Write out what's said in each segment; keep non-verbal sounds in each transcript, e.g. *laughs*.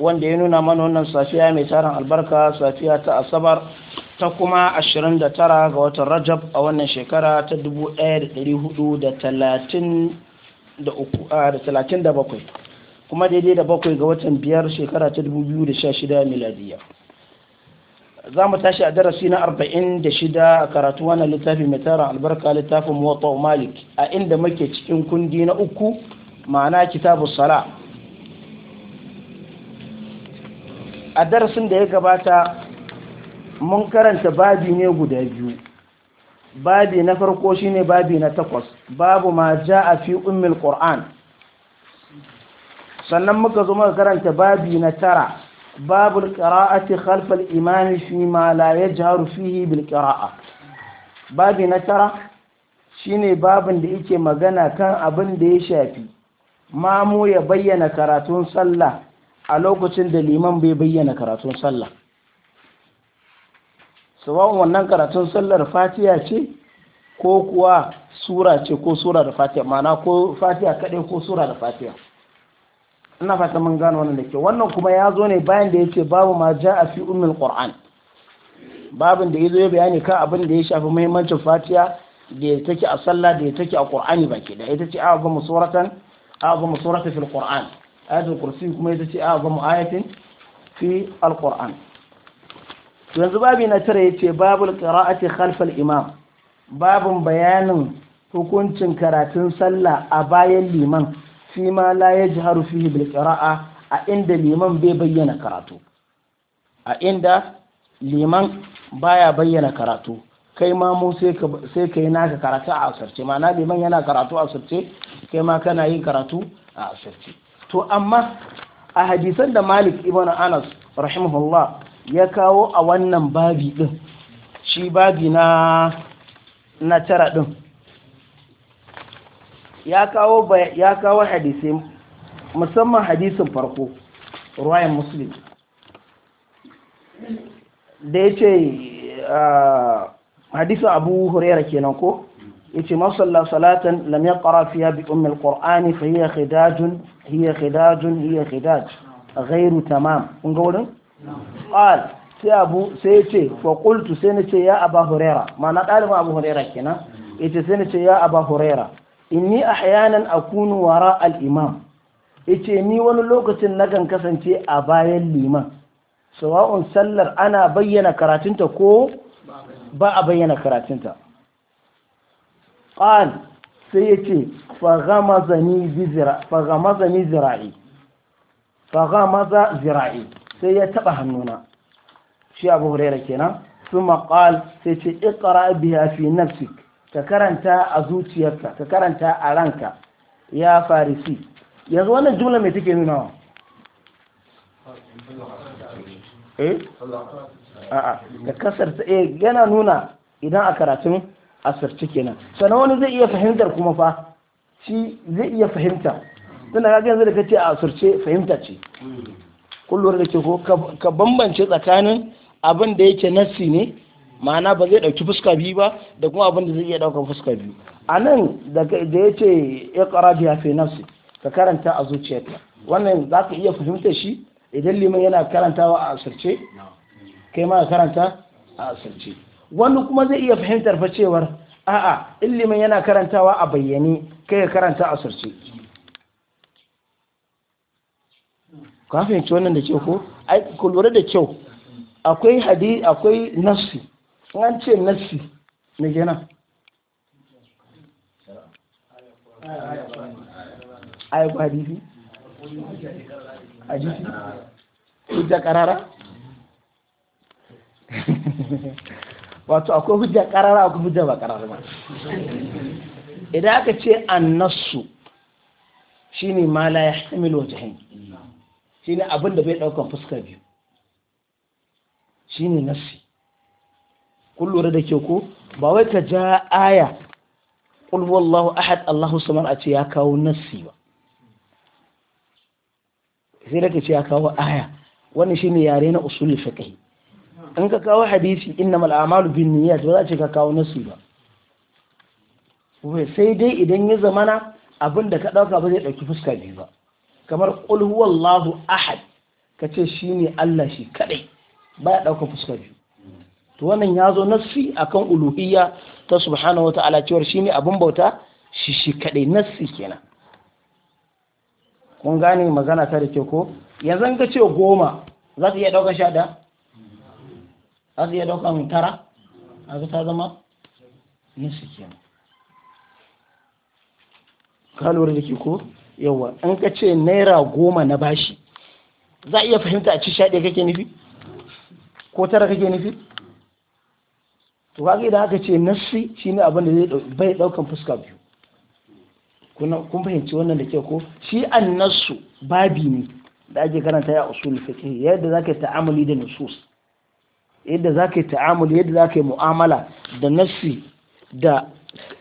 wanda ya nuna mana wannan safiya mai tarin albarka safiya ta asabar ta kuma 29 ga watan rajab a wannan shekara ta 1437 ah, kuma daidai da bakwai ga watan biyar shekara ta 2016 miladiya za mu tashi a darasi na 46 a karatu wannan littafi mai tarin albarka littafin muwatta malik a inda muke cikin kundi na uku ma'ana kitabu sala' a darasin da ya gabata mun karanta babi ne guda biyu babi na farko shine babi na takwas babu ma a fi ummil qur'an sannan muka zo muka karanta babi na tara babu qira'ati khalf al-imam fi ma la yajharu fihi bil qira'a babi na tara shine babin da yake magana kan abin da ya shafi mamu ya bayyana karatun sallah a lokacin da liman bai bayyana karatun sallah sabon wannan karatun sallar fatiya ce ko kuwa sura ce ko sura da fatiya mana ko fatiya kaɗai ko sura da fatiya ina fata mun gano wannan da ke wannan kuma ya zo ne bayan da ya ce babu ma ja a fi umar qur'an babin da ya zo ya bayani kan abin da ya shafi muhimmancin fatiya da ya take a sallah da ya take a qur'ani baki da ita ce a ba mu suratan fil qur'an ayatul kursi kuma ita ce a'zamu ayatin fi alquran yanzu babi na tare yace babu qira'ati khalf imam babun bayanin hukuncin karatun sallah a bayan liman fi ma la yajharu fihi bil qira'a a inda liman bai bayyana karatu a inda liman baya bayyana karatu kai ma mu sai ka yi naka karatu a asirce ma na liman yana karatu a asirce kai ma kana yin karatu a asirce to amma a hadisan da malik ibn anas rahimahullah ya kawo a wannan babi din shi babi na na tara din ya kawo ya kawo hadisai musamman hadisin farko ruwayan muslim da ya ce ah, hadisin abu huraira kenan ko yace man salla salatan lam yaqra fiha bi umm alqur'ani fa hiya khidajun hiya khidajun hiya khidaj ghairu tamam kun ga wurin qal sai abu sai yace fa qultu sai nace ya aba huraira ma'ana dalibin abu huraira kenan yace sai nace ya aba huraira inni ahyanan akunu wara al yace ni wani lokacin nakan kasance a bayan liman sawa'un sallar ana bayyana karatunta ko ba a bayyana karatunta qal sai yace fa ghamazani bizira fa ghamazani zira'i fa zira'i sai ya taba hannuna shi Abu Hurairah kenan kuma qal sai ce iqra biha fi nafsik ka karanta a zuciyarka ka karanta a ranka ya farisi yanzu wannan jumla mai take nuna wa eh a'a ka kasarta eh yana nuna idan a karatun asirci kenan sannan wani zai iya fahimtar kuma fa shi zai iya fahimta tunda kaga yanzu da kace a asirce fahimta ce kullum da ke ko ka bambance tsakanin abin da yake nassi ne ma'ana ba zai dauki fuska biyu ba da kuma abin da zai iya daukan fuska biyu a nan da ya ce iqra biha fi nafsi ka karanta a zuciyarta, wannan za ka iya fahimta shi idan liman yana karantawa a asirce kai ma karanta a asirce wani kuma zai iya fahimtar fa cewar a'a ilimin yana karantawa a bayyane kai ya karanta a surce ka fahimci wannan da kyau ko ai ku lura da kyau akwai hadi akwai nafsi an ce nafsi ne gina. ayi ku hadisi hadisi da karara *laughs* wato akwai hujja karara akwai hujja ba karara ba idan aka ce annasu shine ma la yahtamil wajhain shine abin da bai daukan fuska biyu shine nasi kun lura da ke ko ba wai ka ja aya qul huwallahu ahad allahu samad a ce ya kawo nasi ba sai da ka ce ya kawo aya wannan shine yare na usul fiqh in ka kawo hadisi innamal a'malu binniyat ba za ce ka kawo nasu ba sai dai idan ya zamana abin da ka ɗauka ba zai ɗauki fuska biyu ba kamar qul huwallahu ahad ka ce shi Allah shi kadai ba ya dauka fuska biyu to wannan ya zo nassi akan uluhiyya ta subhanahu wa ta'ala cewar shi abin bauta shi shi kaɗai nassi kenan kun gane magana ta da ke ko yanzu ka ce goma za ta iya dauka sha za ya iya tara a ta zama nisa kenan ka lura da ke ko yawa in ka ce naira goma na bashi za a iya fahimta a ci sha ɗaya kake nufi ko tara kake nufi to ga idan aka ce nassi shine abin da zai bai daukan fuska biyu kuna kun fahimci wannan da ke ko shi annasu babi ne da ake karanta ya usul fiqh yadda zaka ta'amuli da nusus yadda za ka yi ta'amul yadda za ka yi mu'amala da nassi da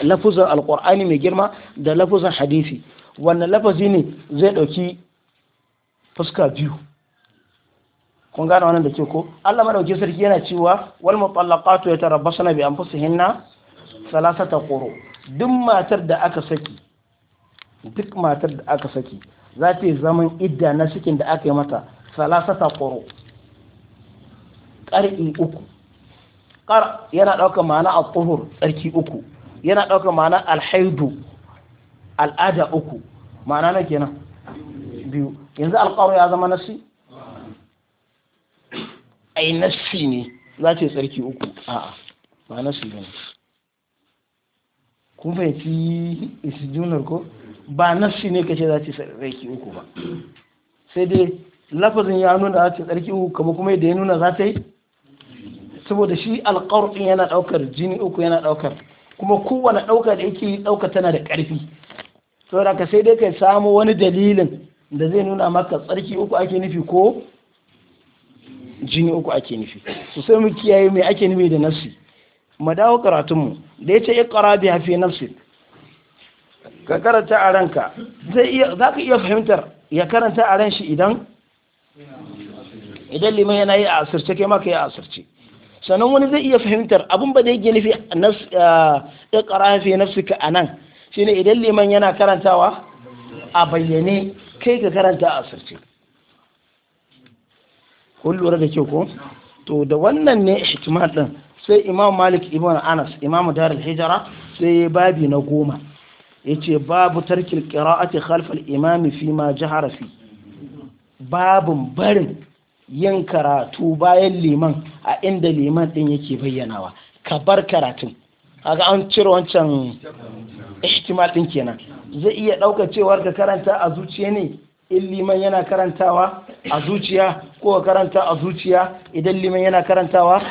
lafuzan alkur'ani mai girma da lafuzan hadisi wannan lafazi ne zai ɗauki fuska biyu kun gane wannan da ke ko Allah madauki sarki yana cewa wal mutallaqatu yatarabbasna bi anfusihinna salasata quru duk matar da aka saki duk matar da aka saki za ta yi zaman idda na cikin da aka yi mata salasata quru ƙar'i uku ƙar yana ɗauka ma'ana a tsohor tsarki uku yana ɗauka ma'ana alhaidu al'ada uku ma'ana na kenan biyu yanzu alƙaro ya zama nasi ai nasi ne za ce tsarki uku a'a ba nasi ba ne kun isi junar ko ba nasi ne kace za ce tsarki uku ba sai dai lafazin ya nuna za ce tsarki uku kama kuma yadda ya nuna za ta yi saboda shi alƙawar ɗin yana ɗaukar jini uku yana ɗaukar kuma kowane ɗauka da yake ɗauka tana da ƙarfi saboda ka sai dai ka samu wani dalilin da zai nuna maka tsarki uku ake nufi ko jini uku ake nufi su sai mu kiyaye mai ake nufi da nafsi mu dawo karatunmu da ya ce iqra bi hafi nafsi ka karanta a ranka iya za ka iya fahimtar ya karanta a ran shi idan idan liman yana yi a asirce kai ma ka yi a asirce sannan wani zai iya fahimtar abin ba da yake nufi iqra fi nan anan shine idan liman yana karantawa a bayyane kai ka karanta a asirce kun lura da kyau ko to da wannan ne ihtimal ɗin sai imam malik ibn anas imam darul hijra sai ya babi na goma ya ce babu tarkil qira'ati khalf al imam fi ma jahara fi babun barin yin karatu bayan liman a inda liman ɗin yake bayyanawa ka bar karatun ga an cire wancan ihtimal ɗin kenan zai iya ɗaukar cewar ka karanta a zuciya ne in liman yana karantawa a zuciya ko ka karanta a zuciya idan liman yana karantawa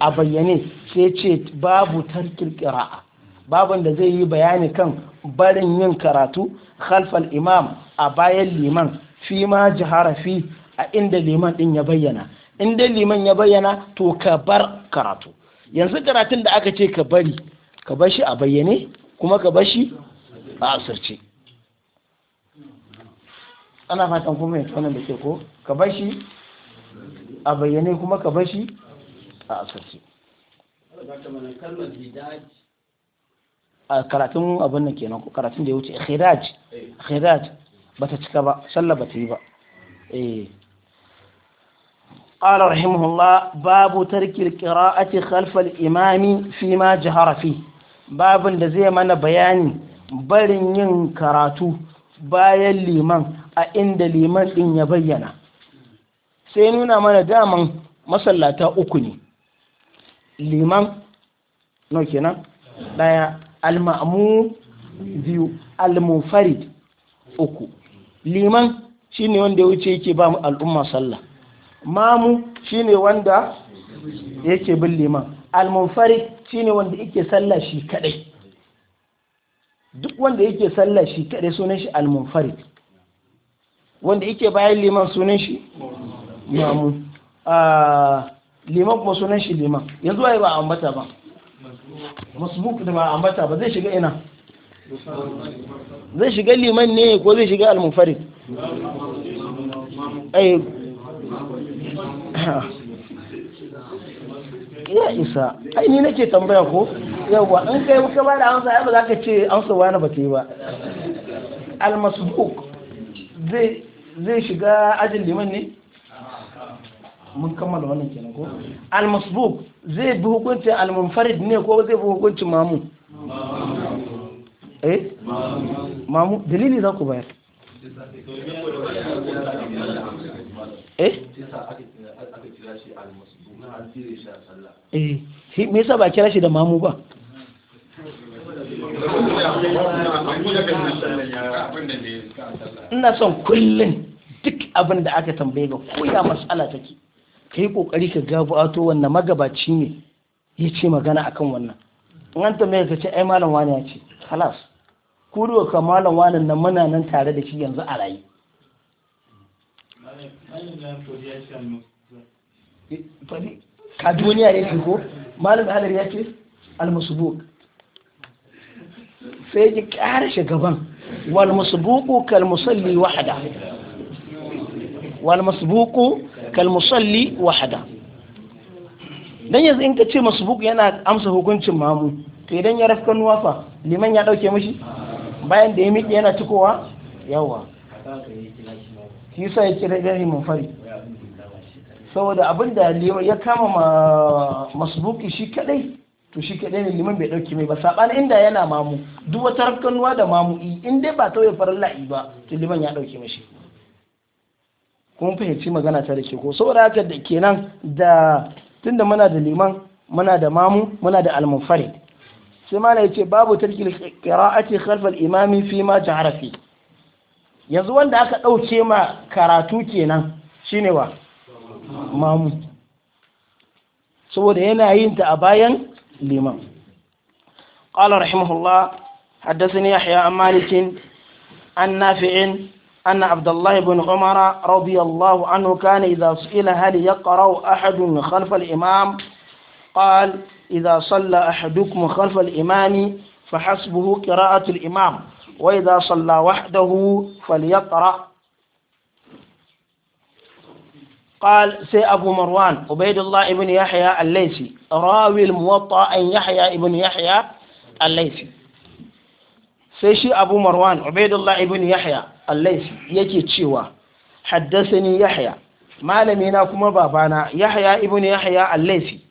a bayyane sai ce babu tarkil qira'a babu da zai yi bayani kan barin yin karatu khalfal imam a bayan liman fi ma jihara fi a inda liman din ya bayyana in dai liman ya bayyana to ka bar karatu yanzu karatun da aka ce ka bari ka bar shi a bayyane kuma ka bar shi a asirce ana fatan kuma ya tsanan da ke ko ka bar shi a bayyane kuma ka bar shi a asirce a karatun abin nan kenan ko karatun da ya wuce khiraj khiraj bata cika ba sallah bata yi ba eh قال رحمه babu باب ترك القراءة خلف الإمام فيما جهر فيه باب da zai mana bayani barin yin karatu bayan liman a inda liman ɗin ya bayyana sai nuna mana daman masallata uku ne liman no kenan daya al-ma'mum al-munfarid uku liman shi ne wanda ya wuce yake ba al'ummar sallah mamu shine wanda yake bin liman al-munfarid shine wanda yake sallah shi kadai duk wanda yake sallah shi kadai sunan shi al-munfarid wanda yake bayan liman sunan shi mamu ah, liman kuma sunan shi liman yanzu ai ba ambata ba masbuk da ba ambata ba zai shiga ina zai shiga liman ne ko zai shiga al-munfarid ai eh, ya isa ai ni nake tambaya ko yawwa in kai muka ba da amsa ai ba za ka ce amsa wani ba ta yi ba almasbuk zai zai shiga ajin liman ne mun kammala wannan kenan ko almasbuk zai bi hukuncin almunfarid ne ko zai bi hukuncin mamu eh mamu dalili za ku bayar Eh? eh shi me yasa ba kira shi da mamu ba ina son kullum duk abin da aka tambaye ga koya matsala take ka yi kokari ka ato wannan magabaci ne ya ce magana akan wannan in an tambaye ka ce ai malam wani ya ce halas ku da malam wannan nan muna nan tare da shi yanzu a rayu Ka duniya ya ce ko malam hadar ya ce almasubuk sai ya ƙara shugaban wal masbuqu kal musalli wahda wal masbuqu kal musalli dan yanzu in ka ce masbuq yana amsa hukuncin mamu to idan ya kan nuwafa liman ya dauke mashi. bayan da ya miƙe yana cikowa yawa shi yasa ya kira gari mun fari saboda abin da ya kama masbuki shi kadai to shi kadai ne liman bai dauki mai ba saban inda yana mamu duk wata rafkanuwa da mamu in dai ba wai farin la'i ba to liman ya dauki mashi kun fahimci magana ta da ke ko saboda haka da kenan da tunda muna da liman muna da mamu muna da almunfarid sai mala ya ce babu tarkil qira'ati khalf imami fi ma jahara fi yanzu wanda aka ɗauke ma karatu kenan shine wa mamu saboda yana yin ta a bayan liman qala rahimahullah haddathani yahya an malik an nafi' أن عبد الله بن عمر رضي الله عنه كان إذا سئل هل يقرأ أحد خلف الإمام قال إذا صلى أحدكم خلف الإمام فحسبه قراءة الإمام وإذا صلى وحده فليقرأ قال سي أبو مروان عبيد الله بن يحيى الليثي راوي الموطأ أن يحيى بن يحيى الليثي sai shi abu marwan ubaidullah ibn yahya allaisi yake cewa haddasani yahya malami na kuma babana yahya ibn yahya allaisi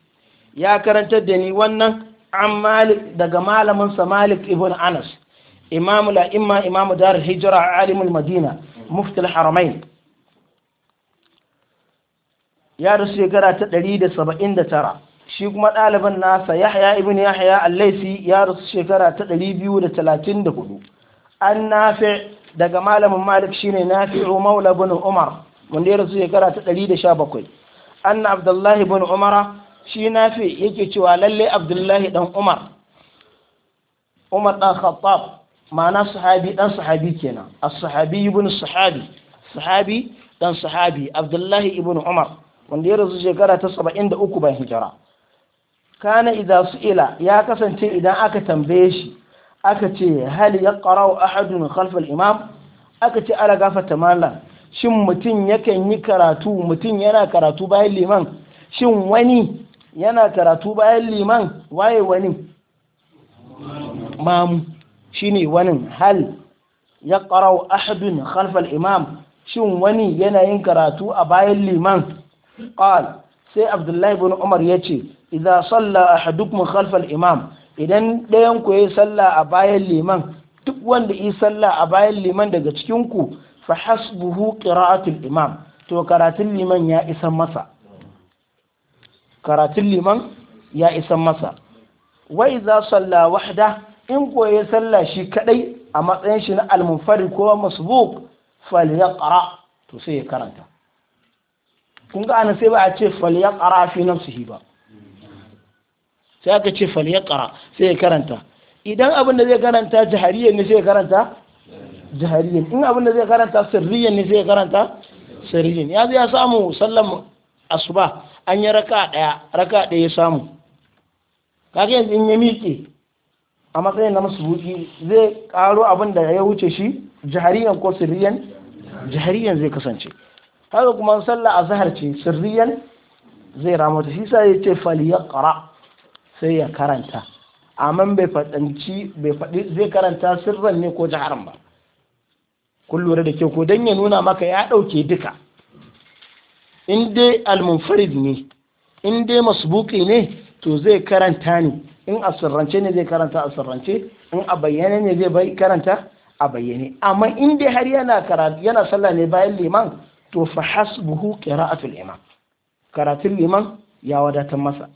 ya karantar da ni wannan an malik daga malamin sa malik ibn anas imamu la'imma imamu dar hijira alimul madina muftil haramain ya rasu shekara ta 179 shi kuma ɗaliban nasa yahya ibn yahya allaisi ya rasu shekara ta 234 an nafi daga malamin malik shine nafi'u maula bin umar wanda ya rasu shekara ta 117 anna abdullahi bin umara shi nafi yake cewa lalle abdullahi dan umar umar dan khattab ma'ana sahabi dan sahabi kenan as-sahabi ibn sahabi sahabi dan sahabi abdullahi ibn umar wanda ya rasu shekara ta 73 bayan hijira kana idza su'ila ya kasance idan aka tambaye shi aka ce hal yaqra'u ahadun khalf al-imam aka ce ala gafata mallan shin mutum yakan yi karatu mutum yana karatu bayan liman shin wani yana karatu bayan liman waye wani mamu shine wani hal ya qara'u ahadun khalfal imam shin wani yanayin karatu a bayan liman ƙal sai abdullahi bin umar yace idza salla ahadukum khalfal imam idan ɗayan ku yayi salla a bayan liman duk wanda yi salla a bayan liman daga cikin ku fa hasbuhu qira'atul imam to karatun liman ya isa masa karatun liman ya isan masa wai za salla wahda in ko ya salla shi kadai a matsayin shi na almunfari ko masbuk falyaqra to sai ya karanta kun ga sai ba a ce falyaqra fi nafsihi ba sai aka ce falyaqra sai ya karanta idan abin da zai karanta jahariyan ne sai ya karanta jahariyan in abin da zai karanta sirriyan ne sai ya karanta sirriyan ya zai samu sallan asuba an yi raka ɗaya raka ɗaya ya samu kaga yanzu in ya miƙe a matsayin na buki zai ƙaro abin da ya wuce shi jihariyan ko sirriyan jihariyan zai kasance haka kuma sallah a zahar ce sirriyan zai ramata shi sa ya ce ya faliyakara sai ya karanta amma bai faɗanci bai faɗi zai karanta sirran ne ko jiharan ba kun da kyau ko don ya nuna maka ya ɗauke duka in dai almunfarid ne in dai masbuki ne to zai karanta ne in a sirrance ne zai karanta a sirrance in a bayyane ne zai karanta a bayyane amma in dai har yana karatu yana sallah ne bayan liman to fa hasbuhu qira'atul imam karatun liman ya wadatar masa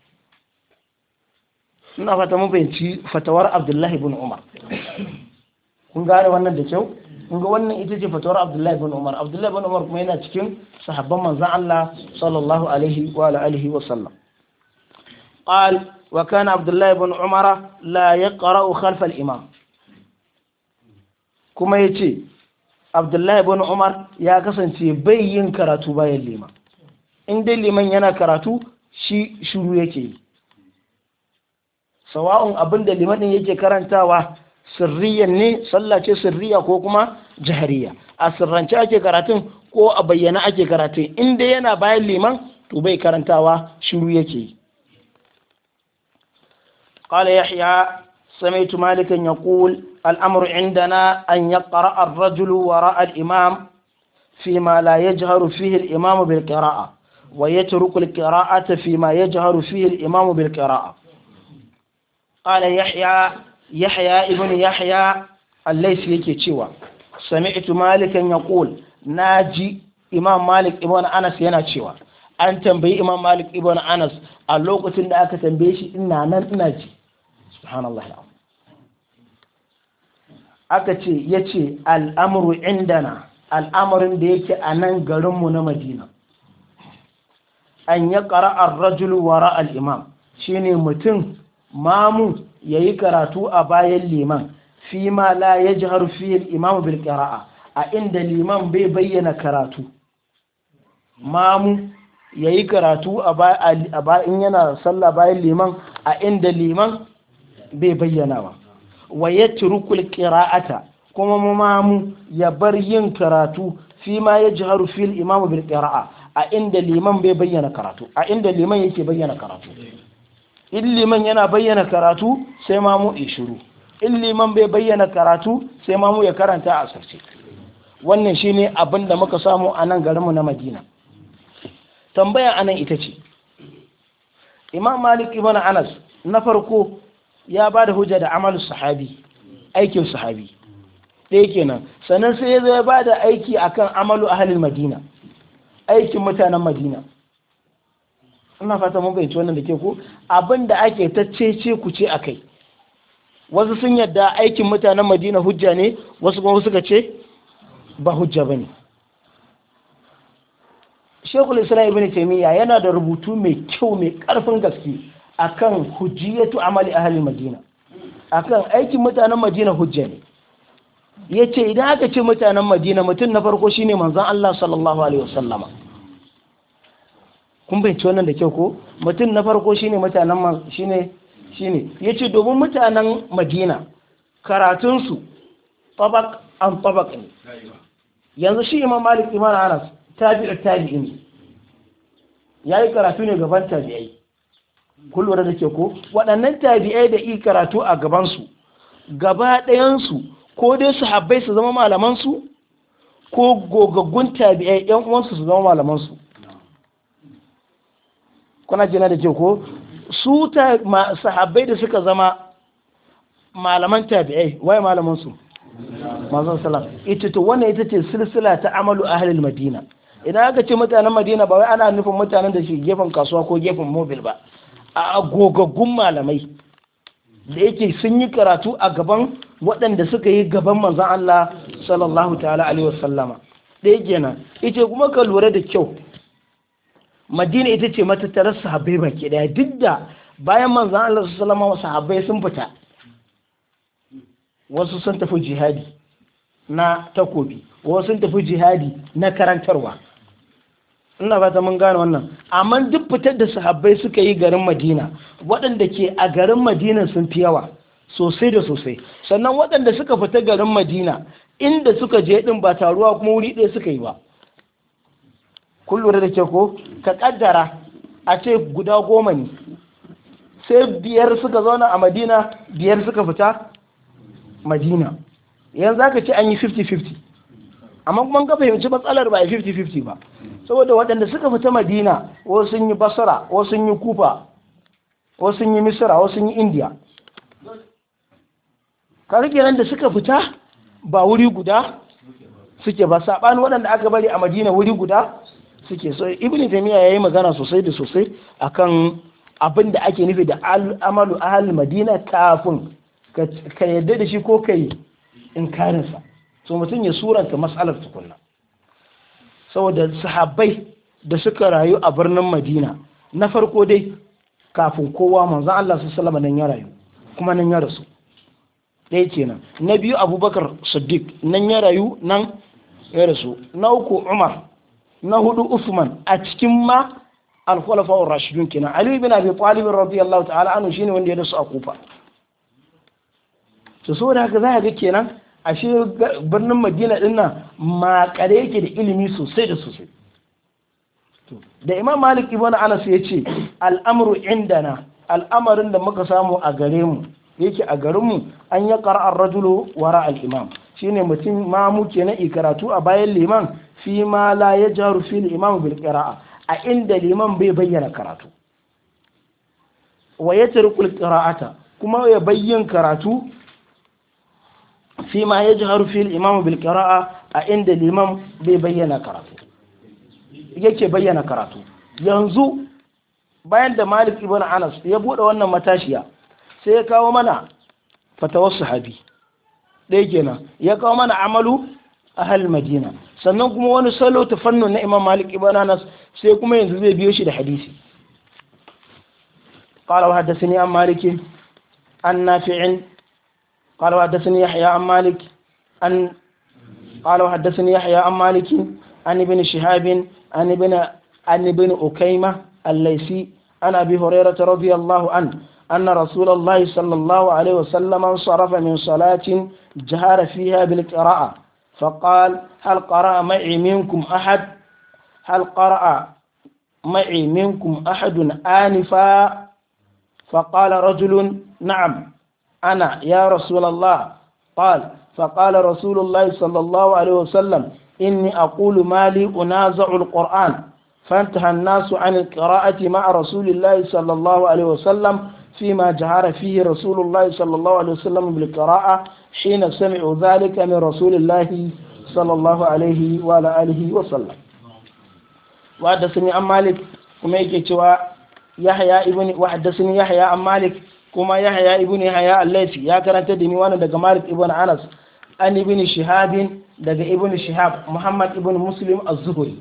ina fata mun fahimci fatawar abdullahi ibn umar kun gane wannan da kyau kun ga wannan ita ce fatuwar Abdullahi bin Umar Abdullahi bin Umar kuma yana cikin sahabban manzon Allah sallallahu alaihi wa alihi wa sallam qal wa kana Abdullahi bin Umar la yaqra'u khalf al-imam kuma yace Abdullahi bin Umar ya kasance bai yin karatu bayan liman in dai liman yana karatu shi shuru yake yi sawa'un abin da liman yake karantawa sirriyan ne sallah ce sirriya ko kuma jahariya a sirrance ake karatun ko a bayyana ake karatun inda yana bayan liman to bai karantawa shiru yake qala yahya سمعت مالكا يقول الأمر عندنا أن يقرأ الرجل وراء الإمام فيما لا يجهر فيه الإمام بالقراءة ويترك القراءة فيما يجهر فيه الإمام بالقراءة قال يحيى yahya ibn yahya al-laisi yake cewa sami'tu malikan yaqul naji imam malik ibn anas yana cewa an tambayi imam malik ibn anas a lokacin da aka tambaye shi ina nan ina ji subhanallah aka ce ya ce al'amuru indana al'amarin da yake a nan garinmu na madina an ya ƙara'ar rajulu al'imam shi ne mutum mamu ya yi karatu a bayan liman fi ma la ya ji harfiyar imamu bil ƙara'a a inda liman bai bayyana karatu mamu ya yi karatu a bayan yana sallah bayan liman a inda liman bai bayyanawa wa ya turukul ƙira'ata kuma mamu ya bar yin karatu fi ma ya ji harfiyar imamu bil ƙara'a a inda liman bai bayyana karatu a inda liman yake bayyana karatu in liman yana bayyana karatu sai mamu ya shiru in liman bai bayyana karatu sai mamu ya karanta a sarce wannan shine abin da muka samu a nan garinmu na madina tambaya anan ita ce imam malik ibn anas na farko ya ba da hujja da amalin sahabi aikin sahabi ɗaya kenan sannan sai ya zai ba da aiki akan amalu ahalin madina aikin mutanen madina ina fata mun bayyace wannan da ke ko abin da ake ta cece ku ce akai wasu sun yadda aikin mutanen madina hujja ne wasu kuma suka ce ba hujja bane shekul islam ibn taimiyya yana da rubutu mai kyau mai karfin gaske akan hujjiyatu amali ahli madina akan aikin mutanen madina hujja ne Ya ce idan aka ce mutanen madina mutum na farko shine manzon Allah sallallahu alaihi wasallama kun bai wannan da kyau ko mutum na farko shine mutanen shine shine yace domin mutanen Madina karatun su tabaq an tabak ne yanzu shi Imam Malik Imam Anas tabi'u tabi'in yayi karatu ne gaban tabi'ai Kullum da ke ko waɗannan tabi'ai da yi karatu a gaban su gaba ɗayan su ko dai su habbai su zama malaman su ko gogaggun tabi'ai yan uwansu su zama malaman su kuna jina da ke ko su ta sahabbai da suka zama malaman tabi'ai waye malaman su manzon salam ita to wannan ita ce silsila ta amalu ahlul madina idan aka ce mutanen madina ba wai ana nufin mutanen da ke gefen kasuwa ko gefen mobil ba a gogaggun malamai da yake sun yi karatu a gaban waɗanda suka yi gaban manzon Allah sallallahu ta'ala alaihi wasallama ɗaya kenan ita kuma ka lura da kyau madina ita ce matattarar sahabbai baki daya duk da bayan manzan Allah su salama sahabbai sun fita wasu sun tafi jihadi na takobi wasu sun tafi jihadi na karantarwa ina ta mun gane wannan amma duk fitar da sahabbai suka yi garin madina waɗanda ke a garin madina sun fi yawa sosai da sosai sannan waɗanda suka fita garin madina inda suka je ɗin ba taruwa kuma wuri ɗaya suka yi ba kun lura da ke ko ka kaddara a ce guda goma ne sai biyar suka zauna a madina biyar suka fita madina yanzu aka ce an yi 50-50 amma kuma ka fahimci matsalar ba a 50-50 ba saboda waɗanda suka fita madina wasu sun yi basara wasu sun yi kufa wasu sun yi misira wasu sun yi indiya karkiran da suka fita ba wuri guda suke ba saɓani waɗanda aka bari a madina wuri guda suke so ibn taymiya yayi magana sosai da sosai akan abin da ake nufi da amalu ahal madina kafin ka yadda da shi ko kai inkarin sa so mutum ya suranta mas'alar tukunna saboda sahabbai da suka rayu a birnin madina na farko dai kafin kowa manzon Allah sallallahu alaihi nan ya rayu kuma nan ya rasu ɗaya kenan na biyu abubakar siddiq nan ya rayu nan ya rasu na umar na hudu Usman a cikin ma al-khulafa rashidun kenan Ali bin Abi Talib radiyallahu ta'ala anhu shine wanda ya dasu a Kufa to da haka za ga kenan ashe birnin Madina din nan kare yake da ilimi sosai da sosai da Imam Malik ibn Anas ya ce al'amru indana al'amarin da muka samu a gare mu yake a garin mu an ya ar rajulu wara al shi ne mutum ma muke na karatu a bayan liman fi ma la ya jaru fi imam bil qira'a a inda liman bai bayyana karatu wa al qira'ata kuma ya bayyan karatu fi ma ya jaru fi imam bil qira'a a inda liman bai bayyana karatu yake bayyana karatu yanzu bayan da Malik ibn Anas ya bude wannan matashiya sai ya kawo mana fatawar sahabi ɗaya kenan ya kawo mana amalu ahal madina sannan kuma wani salo ta fannin na imam malik ibn sai kuma yanzu zai biyo shi da hadisi qala wa haddathani an malik an nafi'in qala wa haddathani yahya an malik an qala wa haddathani yahya an malik an ibn shihab an ibn an ibn ukayma al-laysi an abi hurairah radhiyallahu an أن رسول الله صلى الله عليه وسلم انصرف من صلاة جهر فيها بالقراءة فقال هل قرأ معي منكم أحد هل قرأ معي منكم أحد آنفا فقال رجل نعم أنا يا رسول الله قال فقال رسول الله صلى الله عليه وسلم إني أقول ما لي أنازع القرآن فانتهى الناس عن القراءة مع رسول الله صلى الله عليه وسلم فيما جهر فيه رسول الله صلى الله عليه وسلم بالقراءة shi na sami uzalika min rasulillahi sallallahu alaihi wa la'alihi wa sallam wa da sani an malik kuma yake cewa yahya ibn wa da sani yahya an malik kuma yahya ibn yahya allaisi ya karanta da ni wani daga malik ibn anas an ibn shihabin daga ibn shihab muhammad ibn muslim az-zuhri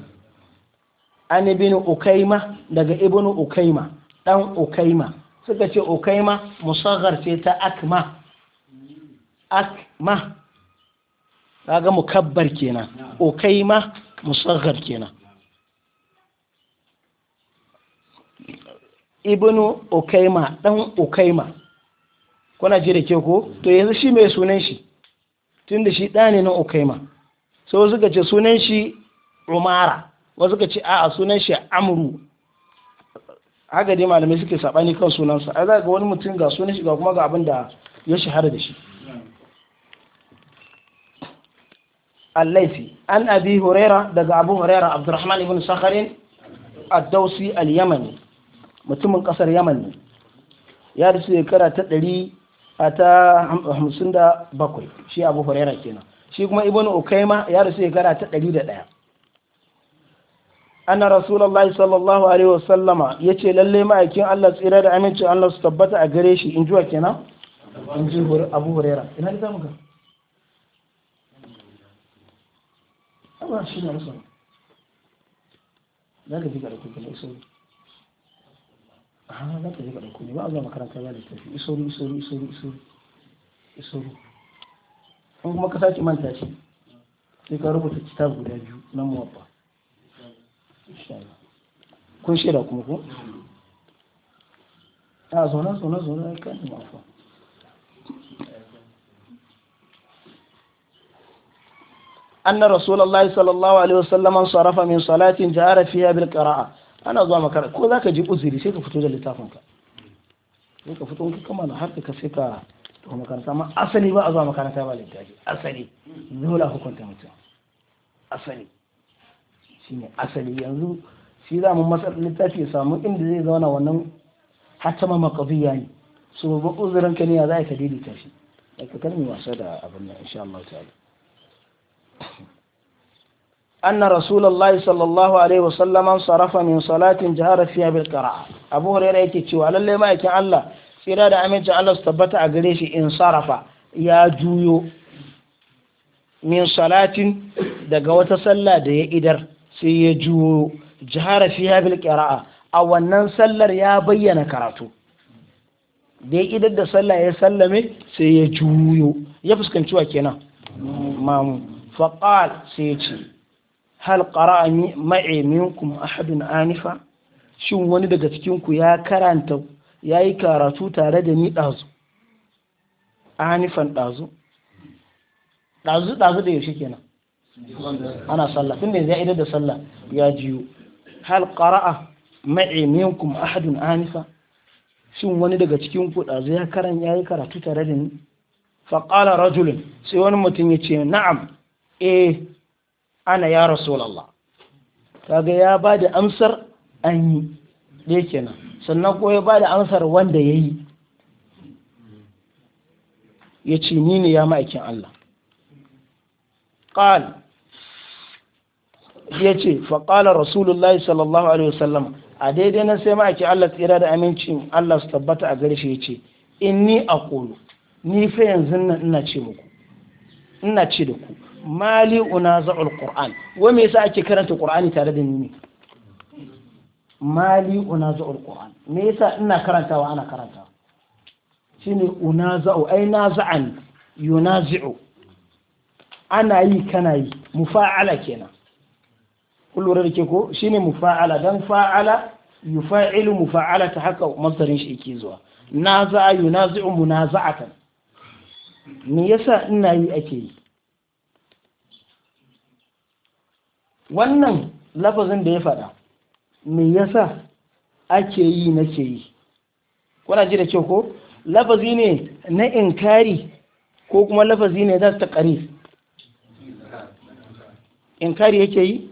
an ibn ukaima daga ibn ukaima dan ukaima suka ce ukaima musaghar ce ta akma akma kaga mukabbar kenan o kai ma musaghar kenan ibnu ukaima dan ukaima kuna ji da ke ko to yanzu shi mai sunan shi tunda shi dan ne na ukaima sai wasu ka ce sunan shi umara wasu ka ce a'a sunan shi amru haka dai malamai suke saɓani kan sunansa a za ga wani mutum ga sunan shi ga kuma ga abin da ya shahara da shi al-laifi an abi huraira daga abu huraira abdurrahman ibn sakharin ad-dausi al-yamani mutumin kasar yaman ne ya rasu ta ɗari a hamsin da bakwai shi abu huraira kenan shi kuma ibn ukaima ya rasu shekara ta ɗari da ɗaya anna rasulullahi sallallahu alaihi wasallama ya ce lalle ma'aikin allah tsira da aminci allah su tabbata a gare shi in juwa kenan in abu huraira ina da zamu ba shi ne rasa za ka fi ka ɗauko kuma isauri aha za ka fi ka ɗauko ne ba a zuwa makaranta ba da tafi isauri isauri isauri isauri isauri in kuma ka sake manta shi sai ka rubuta kitab guda biyu na muwabba kun shaida kuma ko a zaune zaune zaune kan mafa أن رسول الله صلى الله عليه وسلم صرف من صلاة جهر فيها بالقراءة أنا zuwa ko za ka ji uziri sai ka fito da littafinka sai ka fito ka kama har ka sai ka to makaranta amma asali ba a zuwa makaranta ba littafi asali dole hukunta mutum asali shine asali yanzu shi za mu masa littafi ya samu inda zai zauna wannan hatama maqdiya ne so ba uzurin ka ne ya za ka daidaita shi ka wasa da abin nan أن رسول الله صلى الله عليه وسلم صرف من صلاة جهر فيها بالقراءة أبو هريرة يكتشي على اللي ما يكن الله سيرا دا أمين الله استبت أقريشي إن صرف يا جويو من صلاة دا قوة صلى دا سي سيجو جهر فيها بالقراءة أو أن سلر يا بينا كراتو da ya دا صلاة sallah ya sallame sai ya juyo مامو faƙal sai ce hal ƙara ma'e minkum ahadun anifa shin wani daga cikinku ya karanta ya yi karatu tare da ni ɗazu anifan ɗazu ɗazu ɗazu da yaushe kenan ana sallah tun da ya idar da sallah ya jiyo hal ƙara'a ma'e minkum ahadun anifa shin wani daga cikin ku ɗazu ya karan ya yi karatu tare da ni faƙala rajulun sai wani mutum ya ce na'am eh ana ya rasulallah kaga ya ba da amsar an yi ɗaya kenan sannan ko ya ba da amsar wanda ya yi ya ce ni ne ya ma'aikin Allah ƙal ya ce faƙalar rasulullah sallallahu alaihi wasallam a daidai na sai ma'aikin Allah tsira da amincin Allah su tabbata a gare shi ya ce in ni a ni fa yanzu ina ce muku ina ce da ku mali za'ul qur'an wa me yasa ake karanta qur'ani tare da ni mali mali za'ul qur'an me yasa ina karantawa ana karanta shine unaza'u ai za'an yunazi'u ana yi kana yi mufa'ala kenan kullura da ke ko shine mufa'ala dan fa'ala yufa'ilu mufa'ala ta haka masarin shi yake zuwa za'a yunazi'u munaza'atan me yasa ina yi ake yi wannan lafazin da ya faɗa me yasa ake yi nake yi kuna ji da kyau ko lafazi ne na inkari ko kuma lafazi ne za ta ƙari inkari yake yi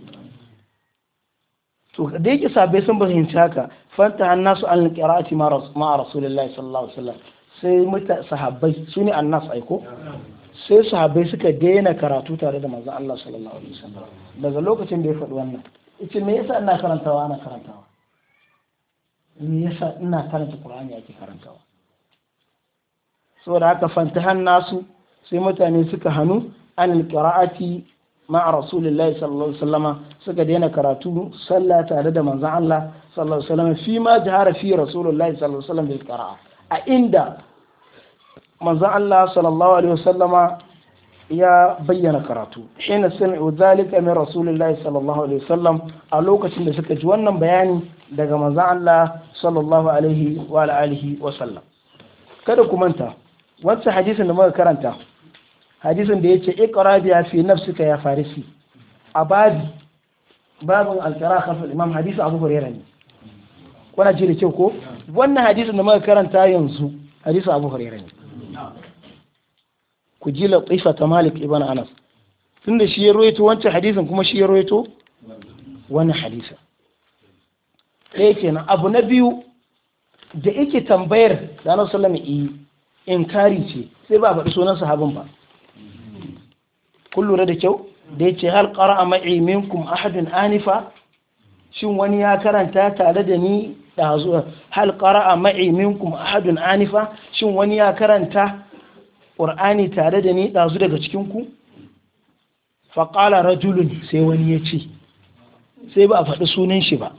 to da yake sabai sun fahimci haka fanta an nasu an ƙira'ati ma rasulullahi sallallahu alaihi sai mutane sahabbai su ne annas aiko sai sahabbai suka daina karatu tare da manzon Allah sallallahu alaihi wasallam daga lokacin da ya faɗi wannan yace me yasa ina karantawa ana karantawa me yasa ina karanta Qur'ani ake karantawa saboda haka fantahan nasu sai mutane suka hannu an qira'ati ma'a rasulillahi sallallahu alaihi wasallama suka daina karatu sallah tare da manzon Allah sallallahu alaihi wasallam fi ma jahara fi rasulillahi sallallahu alaihi wasallam bil qira'a a inda manzon Allah sallallahu alaihi wasallama ya bayyana karatu hina sami'u dhalika min rasulillahi sallallahu alaihi wasallam a lokacin da suka ji wannan bayani daga manzon Allah sallallahu alaihi wa alihi sallam. kada ku manta wancan hadisin da muka karanta hadisin da yace iqra bi fi nafsika ya farisi abadi babin alkara kafin imam hadisi abu hurairah ne kuna ji da ko wannan hadisin da muka karanta yanzu hadisi abu hurairah ne ku ji laƙifa ta malik ibn anas tunda shi ya roito wancan hadisin kuma shi ya roito wani hadisa ɗaya kenan abu na biyu da yake tambayar da sallama sallallahu eh, in kari ce sai ba a faɗi sunan sahabin ba kun lura da kyau da yake hal qara'a ma'i minkum ahadin anifa shin wani ya karanta tare da ni da hal qara'a ma'i minkum ahadin anifa shin wani ya karanta ƙur'ani tare da ni ɗazu daga cikinku faƙala rajulun sai wani ya ce sai ba a faɗi sunan shi ba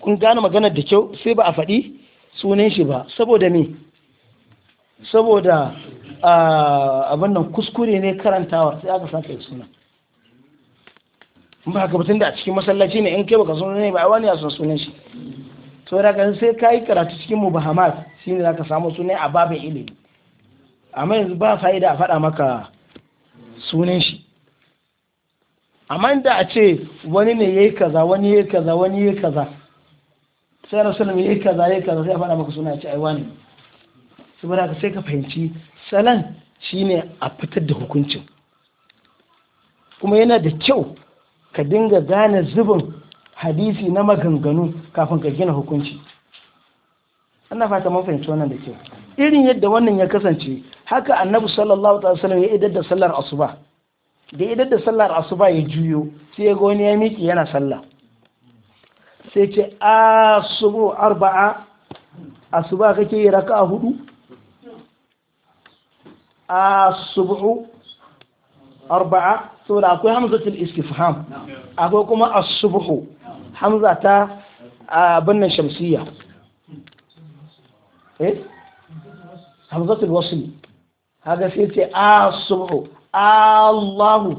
kun gane maganar da kyau sai ba a faɗi sunan shi ba saboda me saboda abin nan kuskure ne karantawa sai aka saka yi sunan ba ka batun da a cikin masallaci ne in kai baka sunan ne ba wani ya san sunan shi to da sai ka yi karatu cikin mubahamat shine zaka samu sunan a babin ilimi amma yanzu ba fa'ida a faɗa maka sunan shi amma da a ce wani ne yayi kaza wani yayi kaza wani yayi kaza sai rasulun yayi kaza yayi kaza sai a faɗa maka suna ce ai wani saboda ka sai ka fahimci salan shine a fitar da hukuncin kuma yana da kyau ka dinga gane zubin hadisi na maganganu kafin ka gina hukunci ana fata mun fahimci wannan da kyau irin yadda wannan ya kasance haka annabi sallallahu alaihi wasallam ya idar da sallar asuba da idar da sallar asuba ya juyo sai ya ga wani ya miki yana sallah sai ce asubu arba'a asuba kake yi raka'a hudu asubu arba'a saboda akwai hamzatul istifham akwai kuma asubu hamza ta abin nan shamsiyya eh hamzatul wasl haka sai ce asubhu Allahu